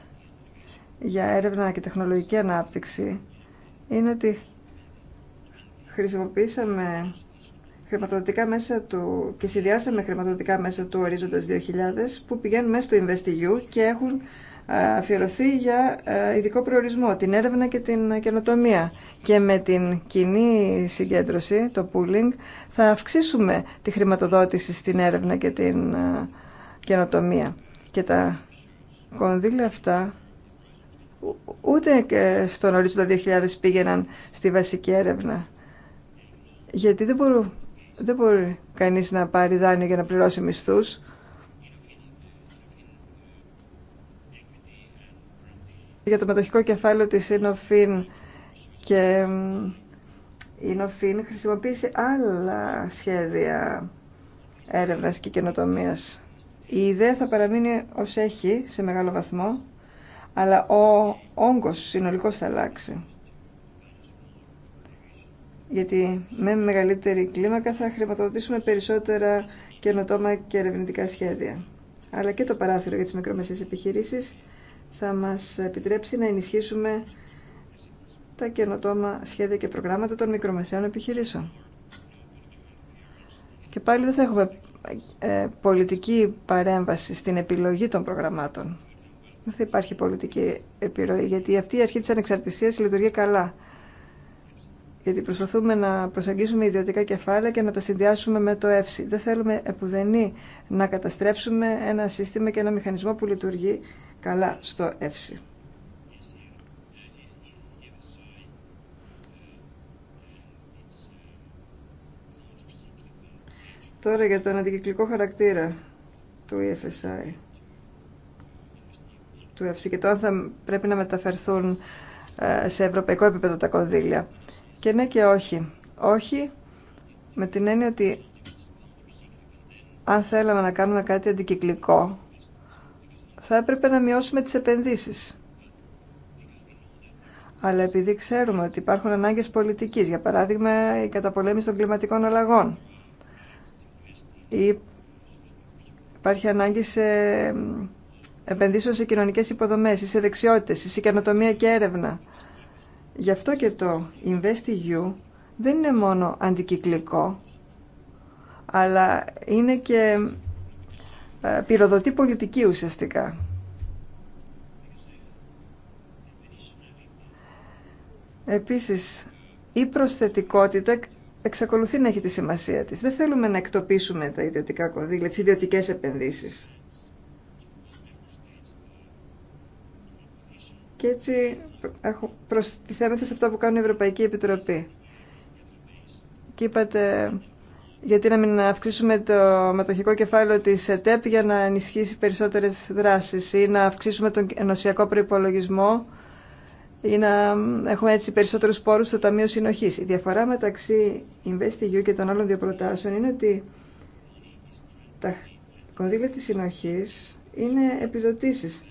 για έρευνα και τεχνολογική ανάπτυξη, είναι ότι χρησιμοποίησαμε χρηματοδοτικά μέσα του και συνδυάσαμε χρηματοδοτικά μέσα του ορίζοντας 2000 που πηγαίνουν μέσα στο InvestEU και έχουν ε, αφιερωθεί για ε, ειδικό προορισμό, την έρευνα και την καινοτομία. Και με την κοινή συγκέντρωση, το pooling, θα αυξήσουμε τη χρηματοδότηση στην έρευνα και την ε, καινοτομία. Και τα κονδύλια αυτά ούτε στον ορίζοντα 2000 πήγαιναν στη βασική έρευνα. Γιατί δεν, μπορού, δεν μπορεί κανείς να πάρει δάνειο για να πληρώσει μισθούς. Για το μετοχικό κεφάλαιο της Ινοφίν και η Ινοφίν χρησιμοποίησε άλλα σχέδια έρευνας και καινοτομίας. Η ιδέα θα παραμείνει ως έχει σε μεγάλο βαθμό, αλλά ο όγκος συνολικός θα αλλάξει γιατί με μεγαλύτερη κλίμακα θα χρηματοδοτήσουμε περισσότερα καινοτόμα και ερευνητικά σχέδια. Αλλά και το παράθυρο για τις μικρομεσαίες επιχειρήσεις θα μας επιτρέψει να ενισχύσουμε τα καινοτόμα σχέδια και προγράμματα των μικρομεσαίων επιχειρήσεων. Και πάλι δεν θα έχουμε ε, πολιτική παρέμβαση στην επιλογή των προγραμμάτων. Δεν θα υπάρχει πολιτική επιρροή, γιατί αυτή η αρχή της ανεξαρτησίας λειτουργεί καλά γιατί προσπαθούμε να προσεγγίσουμε ιδιωτικά κεφάλαια και να τα συνδυάσουμε με το ΕΦΣΥ. Δεν θέλουμε επουδενή να καταστρέψουμε ένα σύστημα και ένα μηχανισμό που λειτουργεί καλά στο ΕΦΣΥ. Τώρα για τον αντικυκλικό χαρακτήρα του EFSI, του και το αν θα πρέπει να μεταφερθούν ε, σε ευρωπαϊκό επίπεδο τα κονδύλια. Και ναι και όχι. Όχι με την έννοια ότι αν θέλαμε να κάνουμε κάτι αντικυκλικό, θα έπρεπε να μειώσουμε τις επενδύσεις. Αλλά επειδή ξέρουμε ότι υπάρχουν ανάγκες πολιτικής, για παράδειγμα η καταπολέμηση των κλιματικών αλλαγών, ή υπάρχει ανάγκη σε επενδύσεων σε κοινωνικές υποδομές, σε δεξιότητες, σε καινοτομία και έρευνα, Γι' αυτό και το InvestEU δεν είναι μόνο αντικυκλικό, αλλά είναι και ε, πυροδοτή πολιτική ουσιαστικά. Επίσης, η προσθετικότητα εξακολουθεί να έχει τη σημασία της. Δεν θέλουμε να εκτοπίσουμε τα ιδιωτικά κονδύλια, τις ιδιωτικές επενδύσεις. και έτσι προστιθέμεθα σε αυτά που κάνουν η Ευρωπαϊκή Επιτροπή. Και είπατε γιατί να μην αυξήσουμε το μετοχικό κεφάλαιο της ΕΤΕΠ για να ενισχύσει περισσότερες δράσεις ή να αυξήσουμε τον ενωσιακό προϋπολογισμό ή να έχουμε έτσι περισσότερους πόρους στο Ταμείο Συνοχής. Η διαφορά μεταξύ InvestEU και των άλλων δύο προτάσεων είναι ότι τα κονδύλια της συνοχής είναι επιδοτήσεις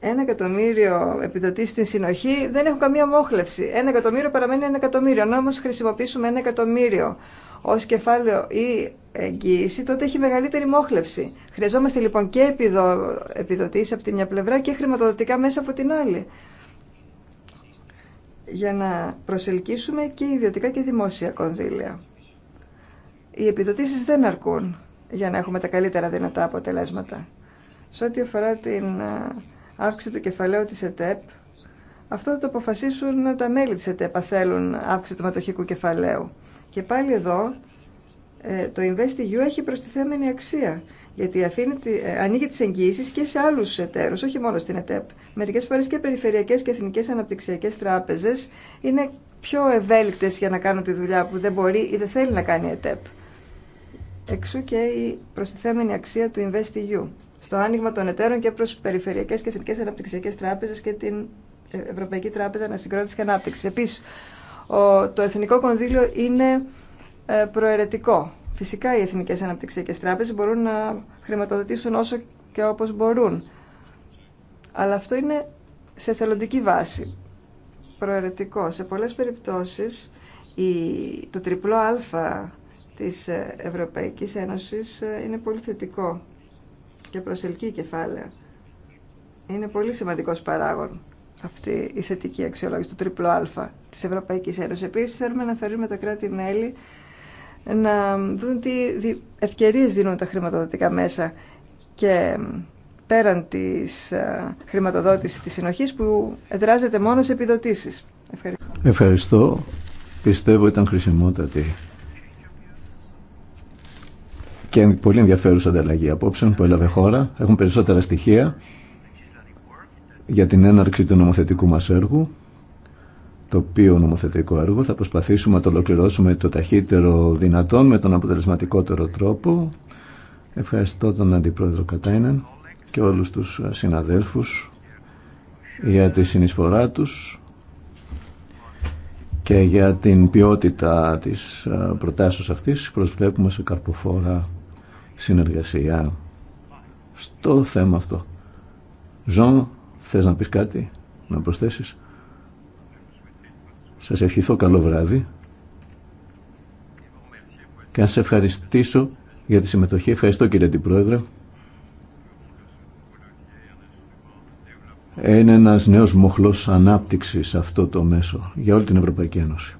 ένα εκατομμύριο επιδοτήσει στην συνοχή δεν έχουν καμία μόχλευση. Ένα εκατομμύριο παραμένει ένα εκατομμύριο. Αν όμω χρησιμοποιήσουμε ένα εκατομμύριο ω κεφάλαιο ή εγγύηση, τότε έχει μεγαλύτερη μόχλευση. Χρειαζόμαστε λοιπόν και επιδο... επιδοτήσει από τη μια πλευρά και χρηματοδοτικά μέσα από την άλλη. Για να προσελκύσουμε και ιδιωτικά και δημόσια κονδύλια. Οι επιδοτήσει δεν αρκούν για να έχουμε τα καλύτερα δυνατά αποτελέσματα. Σε ό,τι αφορά την αύξηση του κεφαλαίου της ΕΤΕΠ, αυτό θα το αποφασίσουν τα μέλη της ΕΤΕΠ, θέλουν αύξηση του μετοχικού κεφαλαίου. Και πάλι εδώ ε, το InvestEU έχει προστιθέμενη αξία, γιατί αφήνει, ε, ανοίγει τις εγγύησεις και σε άλλους εταίρους, όχι μόνο στην ΕΤΕΠ. Μερικές φορές και περιφερειακές και εθνικές αναπτυξιακές τράπεζες είναι πιο ευέλικτες για να κάνουν τη δουλειά που δεν μπορεί ή δεν θέλει να κάνει η ΕΤΕΠ. Εξού και η προστιθέμενη αξία του InvestEU στο άνοιγμα των εταίρων και προς περιφερειακές και εθνικές αναπτυξιακές τράπεζες και την ε, Ευρωπαϊκή Τράπεζα Ανασυγκρότηση και ανάπτυξη. Επίσης, το Εθνικό Κονδύλιο είναι ε, προαιρετικό. Φυσικά οι Εθνικές Αναπτυξιακές Τράπεζες μπορούν να χρηματοδοτήσουν όσο και όπως μπορούν. Αλλά αυτό είναι σε θελοντική βάση, προαιρετικό. Σε πολλέ περιπτώσει, το τριπλό α τη ε, Ευρωπαϊκή Ένωση είναι πολύ θετικό και προσελκύει κεφάλαια. Είναι πολύ σημαντικός παράγον αυτή η θετική αξιολόγηση του τριπλό α τη Ευρωπαϊκή Ένωση. Επίση, θέλουμε να θεωρούμε τα κράτη-μέλη να δουν τι ευκαιρίε δίνουν τα χρηματοδοτικά μέσα και πέραν της ε, χρηματοδότηση της συνοχή που εδράζεται μόνο σε επιδοτήσεις. Ευχαριστώ. Ευχαριστώ. Πιστεύω ήταν χρησιμότατη και πολύ ενδιαφέρουσα ανταλλαγή απόψεων που έλαβε χώρα. Έχουν περισσότερα στοιχεία για την έναρξη του νομοθετικού μας έργου το οποίο νομοθετικό έργο θα προσπαθήσουμε να το ολοκληρώσουμε το ταχύτερο δυνατόν με τον αποτελεσματικότερο τρόπο. Ευχαριστώ τον Αντιπρόεδρο Κατάινεν και όλους τους συναδέλφους για τη συνεισφορά τους και για την ποιότητα της ε, προτάσεως αυτής. Προσβλέπουμε σε καρποφόρα συνεργασία στο θέμα αυτό. Ζων, θες να πεις κάτι, να προσθέσεις. Σας ευχηθώ καλό βράδυ και να σε ευχαριστήσω για τη συμμετοχή. Ευχαριστώ κύριε Αντιπρόεδρε. Είναι ένας νέος μοχλός ανάπτυξης αυτό το μέσο για όλη την Ευρωπαϊκή Ένωση.